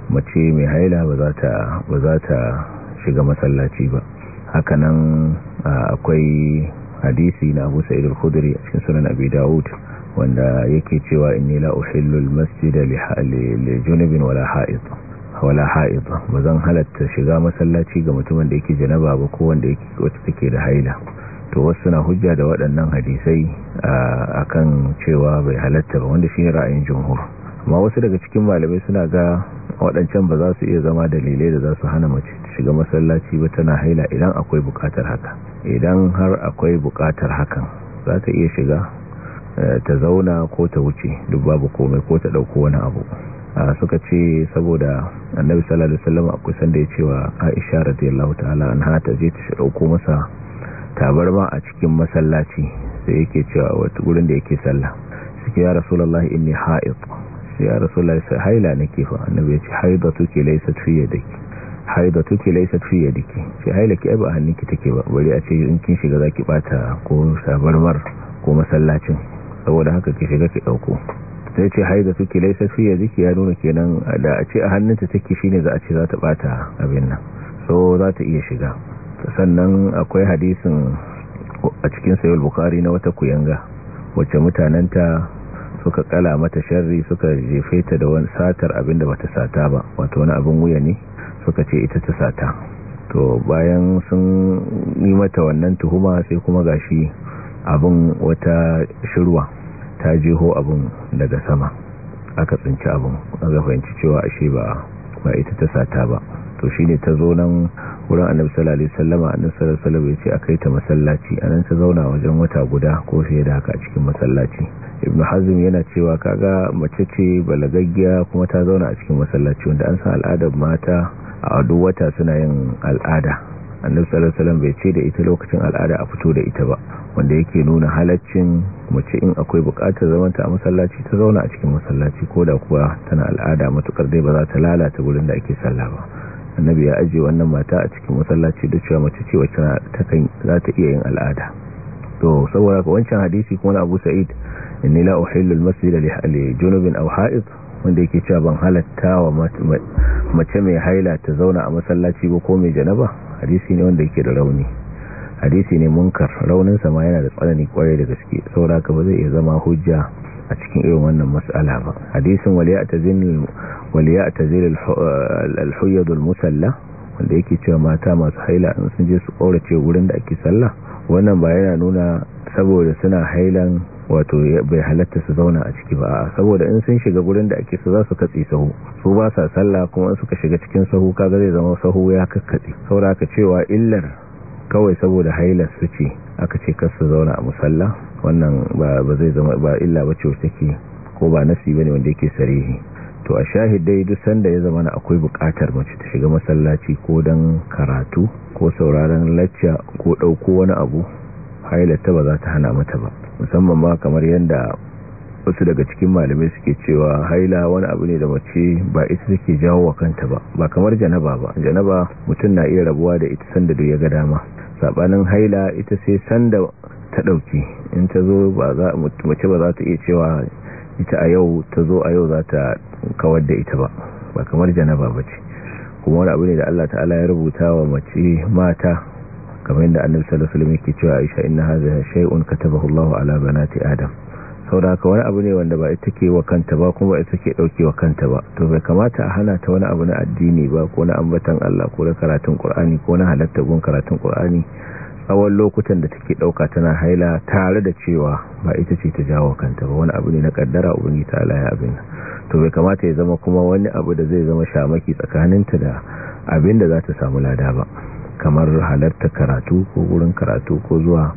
mace mai haila ba za ta ba za ta shiga masallaci ba hakanan akwai hadisi na Abu Sa'id al-Khudri a cikin sunan Abi Dawud wanda yake cewa inni la uhillu al-masjida li junubin wala ha'id wala ha'id bazan halatta shiga masallaci ga mutumin da yake janaba ba ko wanda yake wata take da haila to wasu na hujja da waɗannan hadisai akan cewa bai halatta ba wanda shine ra'ayin jumhur amma wasu daga cikin malamai suna ga waɗancan ba za su iya zama dalilai da za su hana mace shiga masallaci ba tana haila idan akwai bukatar haka idan har akwai bukatar hakan za ta iya shiga eh, ta zauna ko ta wuce duk babu komai ko ta dauko wani abu suka ce saboda annabi sallallahu alaihi wasallam akwai sanda ya cewa Aisha radiyallahu ta'ala anha ta je ta dauko masa tabarma a cikin masallaci sai yake cewa wata gurin da yake sallah suke ya rasulullahi inni ha'id sai ya rasulullahi sai haila nake fa annabi ya ce ke laysat fi yadiki haida take laisa fi yadiki shi hailaki ai hannunki take ba bari a ce in kin shiga zaki bata ko sabarmar ko masallacin saboda haka ki shiga ki dauko sai ce haida take laisa fi yadiki ya nuna kenan da a ce a hannunta take shine za a ce za ta bata abin nan so za ta iya shiga sannan akwai hadisin a cikin sayul bukari na wata kuyanga wacce mutananta suka kala mata sharri suka jefe ta da wani satar abin da bata sata ba wato wani abin wuya ne suka ce ita ta sata to bayan sun yi mata wannan tuhuma sai kuma gashi abin wata shirwa ta jeho abin daga sama aka tsinci abin aka fahimci cewa ashe ba ba ita ta sata ba to shi ne ta zo nan wurin annabi sallallahu alaihi wasallama annabi sallallahu alaihi wasallam yace akai ta masallaci a nan ta zauna wajen wata guda ko sai da haka a cikin masallaci ibn hazm yana cewa kaga mace ce balagaggiya kuma ta zauna a cikin masallaci wanda an san al'adar mata a duk wata suna yin al'ada annabi sallallahu alaihi wasallam bai ce da ita lokacin al'ada a fito da ita ba wanda yake nuna halaccin mace in akwai bukatar zamanta a masallaci ta zauna a cikin masallaci ko da kuwa tana al'ada matukar dai ba za ta lalata gurin da ake sallah ba annabi ya aje wannan mata a cikin masallaci da cewa mace ce wacce za ta iya yin al'ada to saboda wancan hadisi kuma na Abu Sa'id inna la uhillu al-masjida li junubin aw ha'id wanda yake cewa ban halatta wa mace mai haila ta zauna a masallaci ba ko mai janaba hadisi ne wanda yake da rauni hadisi ne munkar raunin sama yana da tsanani kwarai da gaske saboda ka ba zai iya zama hujja a cikin irin wannan mas'ala ba hadisin waliya ta huyad al musalla wanda yake cewa mata masu haila in sun je su ƙaurace wurin da ake sallah wannan ba yana nuna saboda suna hailan wato bai halatta su zauna a ciki ba saboda in sun shiga gurin da ake su za su katse sahu su ba sa sallah kuma in suka shiga cikin sahu kaga zai zama sahu ya kakkatse saboda aka cewa illar kawai saboda hailar su ce aka ce kar su zauna a musalla wannan ba zai zama ba illa ba ce ke, ko ba nasi bane wanda yake sarihi to a shahidai duk sanda ya zama na akwai bukatar mace ta shiga masallaci ko dan karatu ko sauraron lacca ko dauko wani abu hailar ta ba za ta hana mata ba musamman ma kamar yadda wasu daga cikin malamai suke cewa haila wani abu ne da mace ba ita take jawo wa kanta ba ba kamar janaba ba janaba mutum na iya rabuwa da ita sanda da ya ga dama sabanin haila ita sai sanda ta dauki in ta zo ba za mace ba za ta iya cewa ita a yau ta zo a yau za ta kawar da ita ba ba kamar janaba ba ce kuma wani abu ne da Allah ta'ala ya rubuta wa mace mata kamar yadda annabi sallallahu alaihi wasallam yake cewa Aisha inna hadha shay'un katabahu Allah ala banati Adam saboda wani abu ne wanda ba ita ke wa kanta ba kuma ba ita ke dauke wa kanta ba to bai kamata a hana ta wani abu na addini ba ko na ambatan Allah ko na karatun Qur'ani ko na halatta gun karatun Qur'ani tsawon lokutan da take dauka tana haila tare da cewa ba ita ce ta jawo kanta ba wani abu ne na kaddara ubangi ta Allah ya abin to bai kamata ya zama kuma wani abu da zai zama shamaki tsakaninta da abin da za ta samu lada ba kamar halarta karatu ko wurin karatu ko zuwa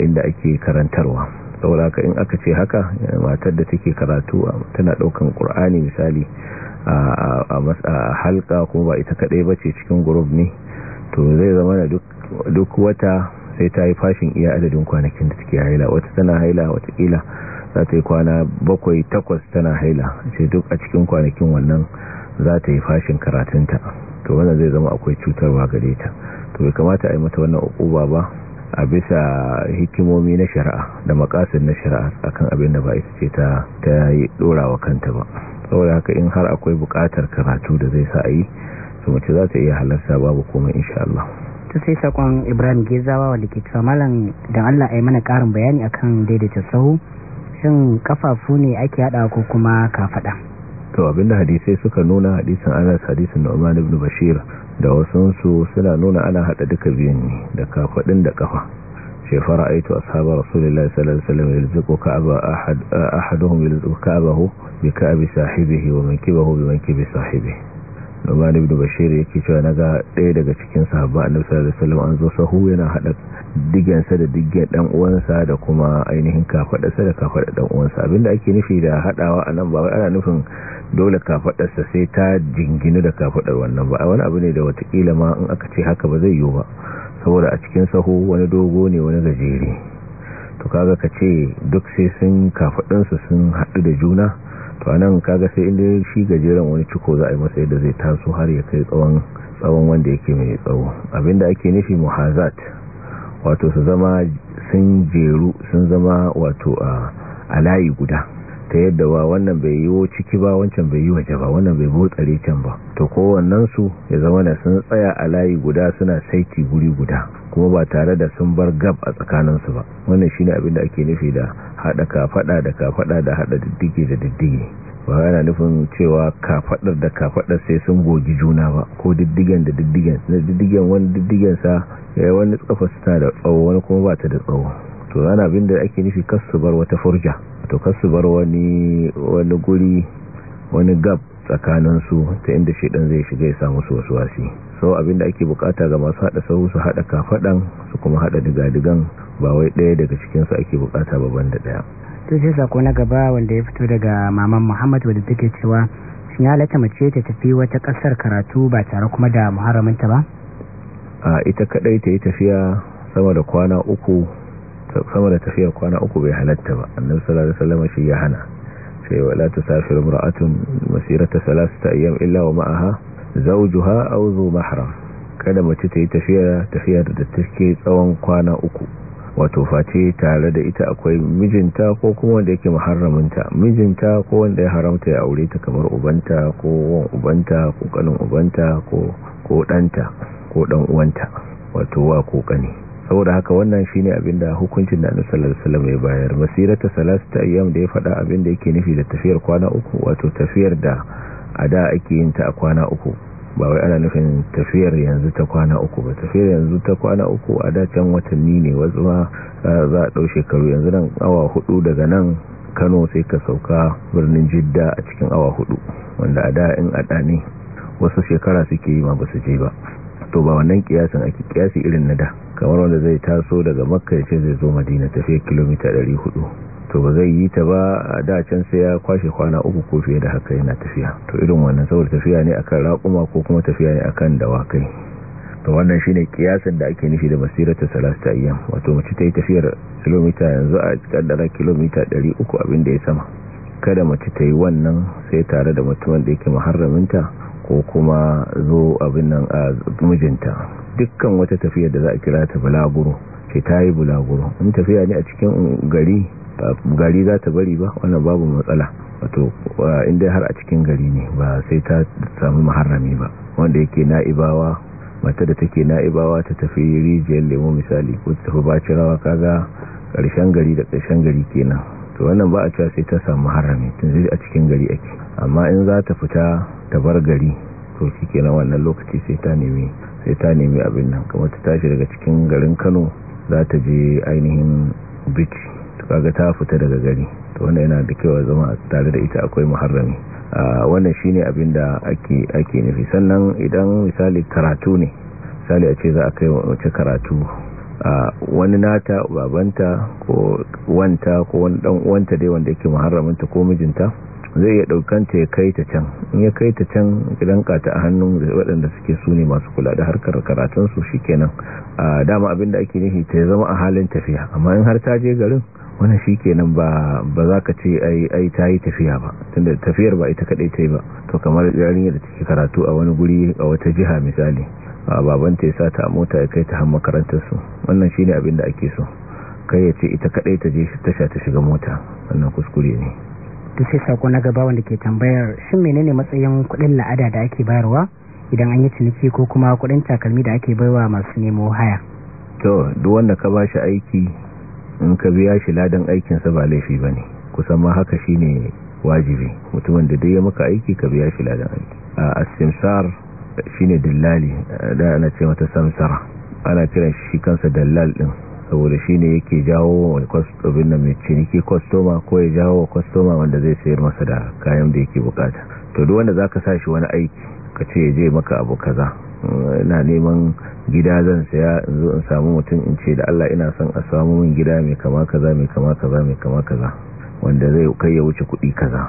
inda ake karantarwa saboda in aka ce haka matar da take karatu tana daukan qur'ani misali a a halka kuma ba ita kadai bace cikin group ne to zai zama da duk wata sai ta yi fashin iya adadin kwanakin da take haila wata tana haila wata kila za ta yi kwana bakwai takwas tana haila sai duk a cikin kwanakin wannan za ta yi fashin karatunta to wannan zai zama akwai cutarwa gare ta to bai kamata a yi mata wannan uquba ba a bisa hikimomi na shari'a da makasin na shari'a akan abin da ba ita ce ta ta yi wa kanta ba saboda haka in har akwai bukatar karatu da zai sa yi to mace za ta iya halarta babu komai insha Allah ta sai sakon Ibrahim Gezawa wa ke cewa malam dan Allah yi mana karin bayani akan daidaita sahu shin kafafu ne ake hada ko kuma kafada to abinda hadisai suka nuna hadisin Anas hadisin Nu'man ibn Bashir da wasansu suna nuna ana hada duka biyun ne da kafadin da kafa ce aitu ashabar rasulullahi sallallahu alaihi wasallam yalziqu ka'aba ahad ahaduhum yalziqu ka'abahu bi ka'abi sahibihi wa mankibahu bi mankibi sahibihi Nu'man ibn Bashir yake cewa naga ɗaya daga cikin sahabba Annabi sallallahu alaihi wasallam an zo sahu yana hada digensa da diggen dan uwansa da kuma ainihin kafadarsa da kafadar dan uwansa abinda ake nufi da hadawa anan ba wai ana nufin dole kafadarsa sai ta jingine da kafadar wannan ba wani abu ne da watakila ma in aka ce haka ba zai yiwu ba saboda a cikin sahu wani dogo ne wani gajere to kaga ka ce duk sai sun kafadunsu sun haɗu da juna to anan kaga sai inda shi gajeren wani ciko za a yi masa yadda zai taso har ya kai tsawon tsawon wanda yake mai tsawo abinda ake nufi muhazat wato su zama sun jeru sun zama wato a layi guda ta yadda ba wannan bai yi ciki ba wancan bai yi waje ba wannan bai motsare can ba to kowannen su ya zama da sun tsaya a layi guda suna saiti guri guda kuma ba tare da sun bar gab a tsakanin su ba wannan shine abin da ake nufi da hada kafaɗa da kafaɗa da hada diddige da diddige ba yana nufin cewa kafaɗar da kafaɗar sai sun gogi juna ba ko diddigen da diddigen na diddigen wani diddigen sa ya wani tsafa suna da tsawo wani kuma ba ta da tsawo to yana abin da ake nufi kasu bar wata furja to kasu bar wani wani guri wani gab tsakaninsu ta inda shidan zai shiga ya samu su wasu wasi sau abinda ake bukata ga masu hada sahu su hada kafadan su kuma hada digadigan ba wai daya daga cikinsu ake bukata babban da daya to sai sako na gaba wanda ya fito daga maman muhammad wadda take cewa shin ya halatta mace ta tafi wata kasar karatu ba tare kuma da muharraminta ba a ita kadai ta yi tafiya sama da kwana uku sama da tafiyar kwana uku bai halatta ba annabi sallallahu alaihi wasallam shi ya hana sai wala tusafiru imra'atun masirata salasata ayyam illa wa ma'aha zawjuha aw zu mahram kada mace ta yi tafiya tafiya da take tsawon kwana uku wato face tare da ita akwai mijinta ko kuma wanda yake muharraminta mijinta ko wanda ya haramta ya aure ta kamar ubanta ko ubanta ko kanin ubanta ko ko danta ko dan uwanta wato wa ko saboda haka wannan shine da hukuncin da Annabi sallallahu alaihi wasallam ya bayar masirata salasata ayyam da ya fada faɗa da yake nufi da tafiyar kwana uku wato tafiyar da a da ake yin ta a kwana uku ba wai ana nufin tafiyar yanzu ta kwana uku ba tafiyar yanzu ta kwana uku a da can watanni ne wasu ma za a ɗau shekaru yanzu nan awa hudu daga nan kano sai ka sauka birnin jidda a cikin awa hudu wanda a da in a ne wasu shekara suke yi ma ba su je ba to ba wannan kiyasin ake kiyasi irin na da kamar wanda zai taso daga makka ya ce zai zo madina tafiya kilomita 400 to ba zai yi ta ba a dacen sai ya kwashe kwana uku ko fiye da haka yana tafiya to irin wannan saboda tafiya ne akan raƙuma ko kuma tafiya ne akan dawakai to wannan shine kiyasin da ake nufi da masirata salasta ayyam wato mace ta yi tafiyar kilomita yanzu a kaddara kilomita 300 abin da ya sama kada mace ta yi wannan sai tare da mutumin da yake muharraminta ko kuma zo abin nan a mijinta dukkan wata tafiya da za a kira ta bulaguro ke ta yi bulaguro in tafiya ne a cikin gari gari za ta bari ba wannan babu matsala wato inda har a cikin gari ne ba sai ta samu maharami ba wanda yake na'ibawa mata da take na'ibawa ta tafi rijiyar lemo misali ko ta tafi bacirawa kaga ƙarshen gari da ƙarshen gari kenan to wannan ba a cewa sai ta samu harami tun zai a cikin gari ake amma in za ta fita ta bar gari to shi kenan wannan lokaci sai ta nemi sai ta nemi abin nan kamar ta tashi daga cikin garin kano za ta je ainihin beach to kaga ta fita daga gari to wannan yana da kyau zama tare da ita akwai muharrami wannan shine abin da ake ake nufi sannan idan misali karatu ne misali a ce za a kai wace karatu wani nata babanta ko wanta ko wani dan uwanta dai wanda yake muharramanta ko mijinta zai iya daukanta ya kai ta can in ya kai ta can gidan kata a hannun waɗanda suke su ne masu kula da harkar karatun su shikenan dama abin da ake nihi ta zama a halin tafiya amma in har ta je garin wani shi kenan ba za ka ce ai ta yi tafiya ba tunda tafiyar ba ita kadai ta yi ba to kamar yarinyar da take karatu a wani guri a wata jiha misali babanta ya sa ta mota ya kai ta har makarantarsu wannan shine abin da ake so kai ya ce ita kadai ta je tasha ta shiga mota wannan kuskure ne to sai sako na gaba wanda ke tambayar shin menene matsayin kuɗin la'ada da ake bayarwa idan an yi ciniki ko kuma kuɗin takalmi da ake baiwa masu nemo haya to duk wanda ka ba shi aiki in ka biya shi ladan aikinsa ba laifi ba ne kusan ma haka shine wajibi mutumin da dai ya maka aiki ka biya shi ladan aiki a asimsar shine dillali da ana ce mata samsara ana kiran shi kansa dallal din saboda shine yake jawo wa kwastobin na mai ciniki kwastoma ko ya jawo wa kwastoma wanda zai sayar masa da kayan da yake bukata to duk wanda za ka sa shi wani aiki ka ce ya je maka abu kaza ina neman gida zan saya in zo in samu mutum in ce da Allah ina son a samu min gida mai kama kaza mai kama kaza mai kama kaza wanda zai kai ya wuce kuɗi kaza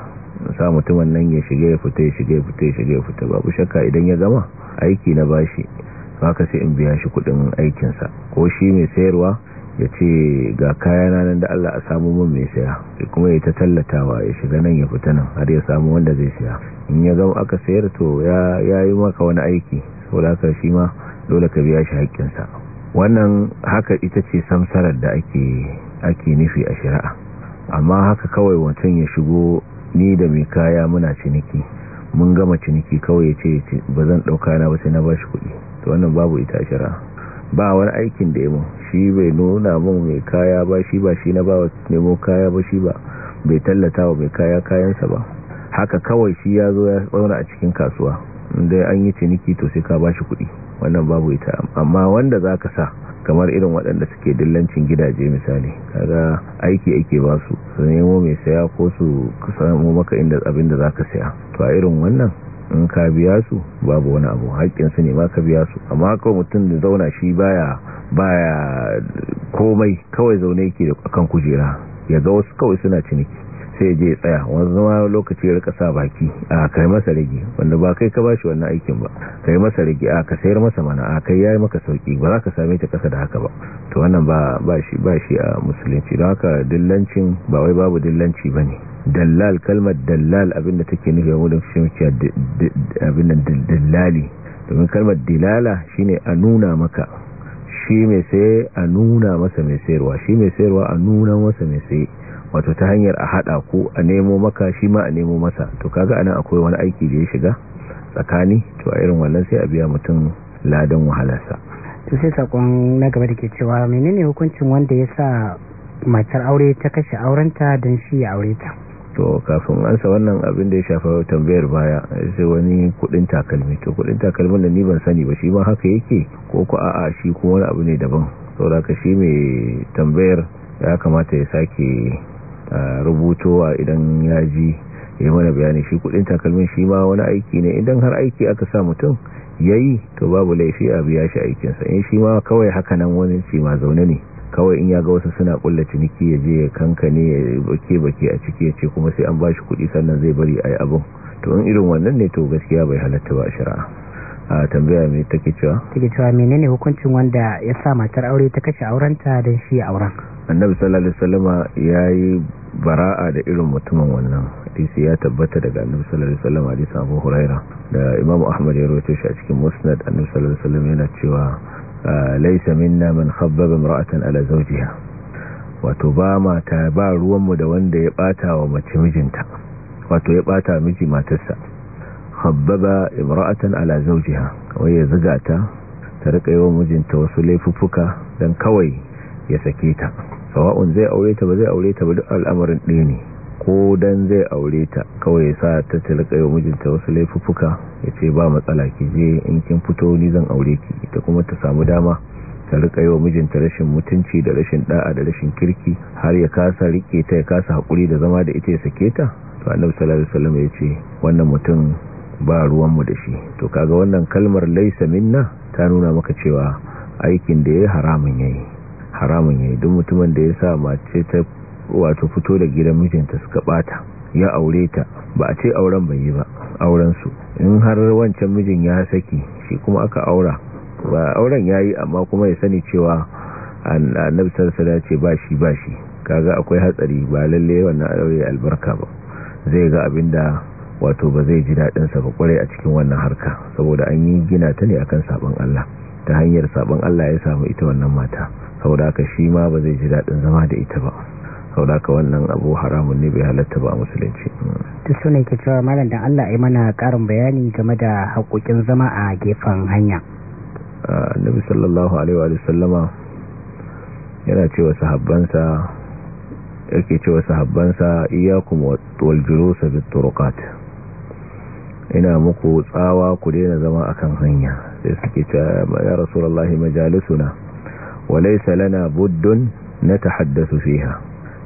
sa mutumin nan ya shiga ya fita ya shiga ya fita ya shiga ya fita babu shakka idan ya gama aiki na bashi ka sai in biya shi kudin aikinsa ko shi mai sayarwa ya ce ga kayana nan da Allah a samu mun mai saya kuma ya ta tallatawa ya shiga nan ya fita nan har ya samu wanda zai saya in ya zama aka sayar to ya yi maka wani aiki saboda shi ma dole ka biya shi haƙƙinsa wannan haka ita ce samsarar da ake ake nufi a shari'a amma haka kawai wancan ya shigo ni da mai kaya muna ciniki mun gama ciniki kawai ya ce ba zan ɗauka na wace na ba shi kuɗi to wannan babu ita shira ba wani aikin da ya mun shi bai nuna mun mai kaya ba shi ba shi na ba nemo kaya ba shi ba bai tallata wa mai kaya kayansa ba haka kawai shi ya zo ya tsauna a cikin kasuwa inda an yi ciniki to sai ka ba shi kuɗi wannan babu ita amma wanda za ka sa kamar irin waɗanda suke dillancin gidaje misali kaga aiki ake ba su su nemo mai saya ko su samu maka inda abin da zaka saya to a irin wannan in ka biya su babu wani abu su ne ma ka biya su amma kawai mutum da zauna shi baya baya komai kawai zaune yake da kan kujera ya ga wasu kawai suna ciniki sai je tsaya wanzu zama lokaci ya rika sa baki a kai masa rigi wanda ba kai ka bashi wannan aikin ba kai masa rage a ka sayar masa mana a kai yi maka sauki ba za ka same ta kasa da haka ba to wannan ba shi ba shi a musulunci don haka dillancin ba wai babu dillanci ba ne. dallal kalmar dallal abinda take nufi shi muke abinda dillali domin kalmar dilala shine a nuna maka shi mai saye a nuna masa mai sayarwa shi mai sayarwa a nuna masa mai saye wato ta hanyar a hada ko a nemo maka shi ma a nemo masa to kaga anan akwai wani aiki da ya shiga tsakani to a irin wannan sai a biya mutum ladan wahalarsa to sai sakon na gaba da ke cewa menene hukuncin wanda ya sa matar aure ta kashe aurenta don shi ya aure ta to kafin ansa wannan abin da ya shafa tambayar baya sai wani kudin takalmi to kudin takalmin da ni ban sani ba shi ma haka yake ko ko a'a shi ko wani abu ne daban saboda ka shi mai tambayar ya kamata ya sake rubutowa idan ya ji ya mana bayani shi kudin takalmin shi ma wani aiki ne idan har aiki aka sa mutum ya yi to babu laifi a biya shi aikinsa in shi ma kawai haka nan wani shi ma zaune ne kawai in ya ga wasu suna kulla ciniki ya je ya kankane ya bake bake a ciki ya ce kuma sai an ba shi kudi sannan zai bari a yi abin to in irin wannan ne to gaskiya bai halatta ba shari'a a tambaya mai take cewa take cewa menene hukuncin wanda ya sa matar aure ta kashe aurenta don shi auren annabi sallallahu alaihi wasallama yayi bara'a da irin mutumin wannan hadisi ya tabbata daga annabi sallallahu alaihi wasallam hadisi Abu Huraira da Imam Ahmad ya rawaito shi a cikin Musnad annabi sallallahu alaihi wasallam yana cewa ah, laysa minna man khabbaba imra'atan ala zawjiha wato ba ba ruwan mu da wanda ya bata wa mace mijinta wato ya bata miji matarsa khabbaba imra'atan ala zawjiha wai ya zuga ta ta rika yawan mijinta wasu laifuffuka dan kawai ya sake ta sawa'un zai aure ta ba zai aure ta ba duk al'amarin ɗaya ne ko dan zai aure ta kawai ya sa ta talaka yau mijinta wasu laifuffuka ya ce ba matsala ki je in kin fito ni zan aure ki ita kuma ta samu dama ta rika yau mijinta rashin mutunci da rashin da'a da rashin kirki har ya kasa rike ta ya kasa haƙuri da zama da ita ya sake ta to annabi sallallahu alaihi wasallam ya ce wannan mutum ba ruwan mu da shi to kaga wannan kalmar laisa minna ta nuna maka cewa aikin da yayi haramun yayi haramun yayi duk mutumin da ya sa mace ta wato fito da gidan mijinta suka bata ya aure ta ba a ce auren bai yi ba auren su in har wancan mijin ya saki shi kuma aka aura ba auren yayi amma kuma ya sani cewa annabi sallallahu alaihi ce ba shi ba shi kaga akwai hatsari ba lalle wannan aure albarka ba zai ga abinda wato ba zai ji dadin sa ba kwarai a cikin wannan harka saboda an yi gina ta ne akan sabon Allah ta hanyar sabon Allah ya samu ita wannan mata ka shi ma ba zai ji daɗin zama da ita ba ka wannan abu haramun ne bai halatta ba a musulunci ta sunan ke cewa malam da allah ai mana karin bayani game da haƙoƙin zama a gefen hanya annabi sallallahu alaihi wa sallama yana cewa sahabbansa yake cewa sahabbansa iyakum wal julus bit turuqat ina muku tsawa ku daina zama akan hanya sai suke cewa ya rasulullahi majalisuna walaisa lana buddun na tahaddasu fiha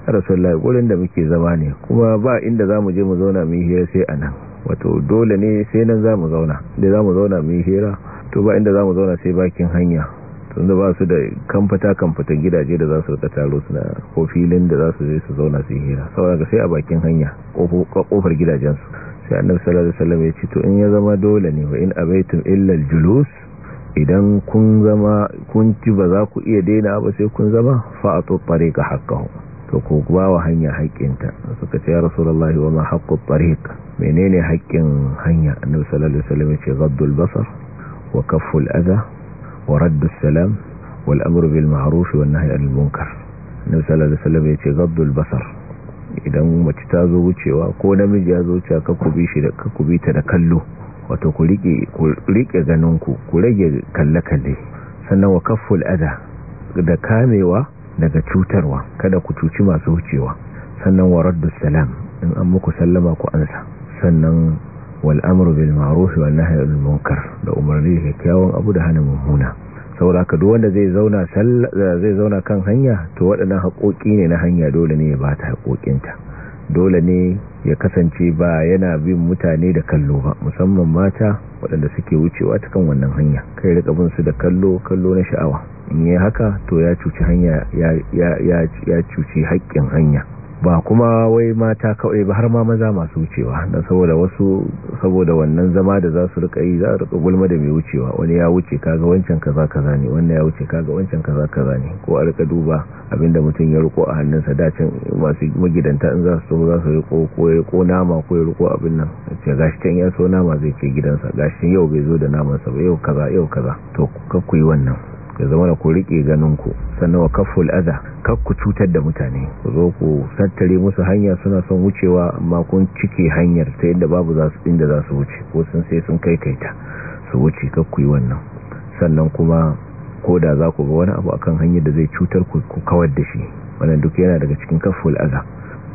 rasulullahi gurin da muke zama ne kuma ba inda zamu je mu zauna mu hira sai anan wato dole ne sai nan zamu zauna da zamu zauna mu hira to ba inda zamu zauna sai bakin hanya tunda ba su da kamfata kamfatan gidaje da za su rika taro na ko filin da za su je su zauna su hira saboda ga sai a bakin hanya kofar gidajensu sai annabi sallallahu alaihi wasallam ya ce to in ya zama dole ne wa in abaitum illa al-julus idan kun zama kun ci ba za ku iya daina ba sai kun zama fa'atu tariqa haqqahu to ko ba wa hanya haƙƙinta suka ce ya rasulullahi wa ma haqqu tariq menene haƙƙin hanya annabi sallallahu alaihi wasallam ce ghaddul basar wa kaful adha wa raddus salam wal amru bil ma'ruf wa nahyi anil munkar annabi sallallahu alaihi wasallam ce ghaddul basar idan mace ta zo wucewa ko namiji ya zo wucewa ka kubi shi da ka kubi ta da kallo wato ku rike ganin ku ku rage kalle-kalle sannan wa kaful adha da kamewa daga cutarwa kada ku cuci masu wucewa sannan wa raddu salam in an muku sallama ku ansa sannan wal amru bil ma'ruf wa nahyi anil munkar da umarni da kyakkyawan abu da hana mummuna saboda haka duk wanda zai zauna zai zauna kan hanya to waɗannan haƙoƙi ne na hanya dole ne ya bata haƙoƙinta dole ne ya kasance ba yana bin mutane da kallo ba musamman mata waɗanda suke wucewa ta kan wannan hanya kai rika su da kallo kallo na sha'awa in yi haka to ya cuci hanya ya cuci haƙƙin hanya ba kuma wai mata kawai ba har ma maza masu wucewa na saboda wasu saboda wannan zama da za su rika yi za a rika gulma da mai wucewa wani ya wuce kaga wancan kaza kaza ne wannan ya wuce kaga wancan kaza kaza ne ko a rika duba abinda mutum ya riko a hannunsa dacin masu magidanta in za su so za su riko ko ya riko nama ko ya riko abin nan ce ya so nama zai ke gidansa gashi yau bai zo da namansa ba yau kaza yau kaza to yi wannan ya zama na ku rike ganin ku sannan wa kaful adha kar ku cutar da mutane ku zo ku tattare musu hanya suna son wucewa amma kun cike hanyar ta yadda babu za su inda za su wuce ko sun sai sun kai kaita su wuce kar ku yi wannan sannan kuma ko da za ku ga wani abu akan hanyar da zai cutar ku ku kawar da shi wannan duk yana daga cikin kaful adha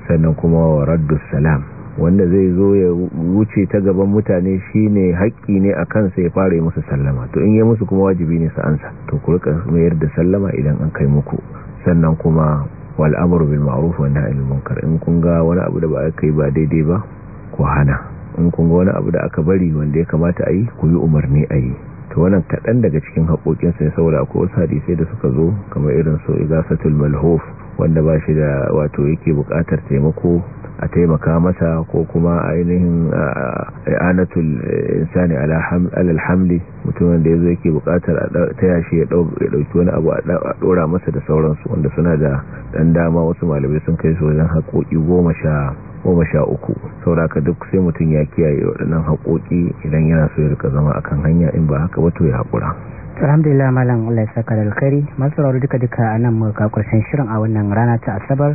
sannan kuma wa raddu salam wanda zai zo ya wuce ta gaban mutane shine haƙƙi ne a kansa ya fara yi musu sallama to in yi musu kuma wajibi ne su ansa to ku rika mayar da sallama idan an kai muku sannan kuma wal'amur bin bil wanda wa in kun ga wani abu da ba a kai ba daidai ba ku hana in kun ga wani abu da aka bari wanda ya kamata a yi ku yi umarni a yi to wannan kaɗan daga cikin haƙoƙin sai saboda akwai wasu hadisai da suka zo kamar irin su igasatul malhuf wanda ba shi da wato yake buƙatar taimako a taimaka masa ko kuma ainihin anatul insani alalhamli mutumin da ya zo yake bukatar ta yashi ya dauki wani abu a dora masa da sauransu wanda suna da dan dama wasu malamai sun kai su wajen haƙoƙi goma sha goma sha uku sauraka duk sai mutum ya kiyaye waɗannan haƙoƙi idan yana so ya rika zama akan hanya in ba haka ba to ya haƙura alhamdulillah malam Allah ya saka da alkhairi masu duka duka a nan muka karshen shirin a wannan rana ta asabar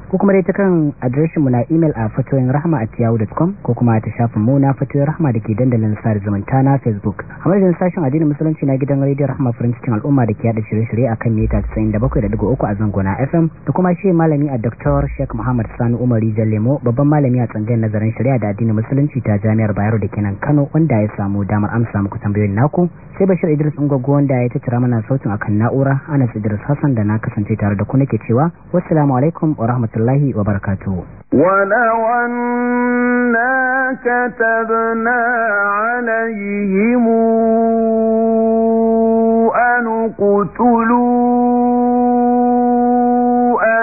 ko kuma dai ta kan adireshinmu na imel a fatoyin rahama a tiyawu.com ko kuma ta shafin mu na fatoyin rahama da ke dandalin sa zumunta na facebook a madadin sashen addinin musulunci na gidan rediyon rahama farin cikin al'umma da ke yada shirye-shirye a kan mita 97.3 a zangona fm da kuma shi malami a dr sheik muhammad sani umar jan lemo babban malami a tsangayar nazarin shari'a da addinin musulunci ta jami'ar bayero da kenan kano wanda ya samu damar amsa muku tambayoyin naku sai bashir idris ungwaggo wanda ya tattara mana sautin akan na'ura anas idris hassan da na kasance tare da ku nake cewa wassalamu alaikum wa rahmatullahi rahmatullahi wa barakatuhu ولو أنا كتبنا عليهم أن اقتلوا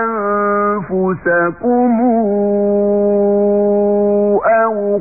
أنفسكم أو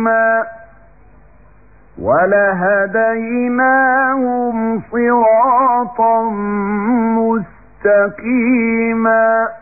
هُدًى وَلَهَدَيْنَاهُمْ صِرَاطًا مُسْتَقِيمًا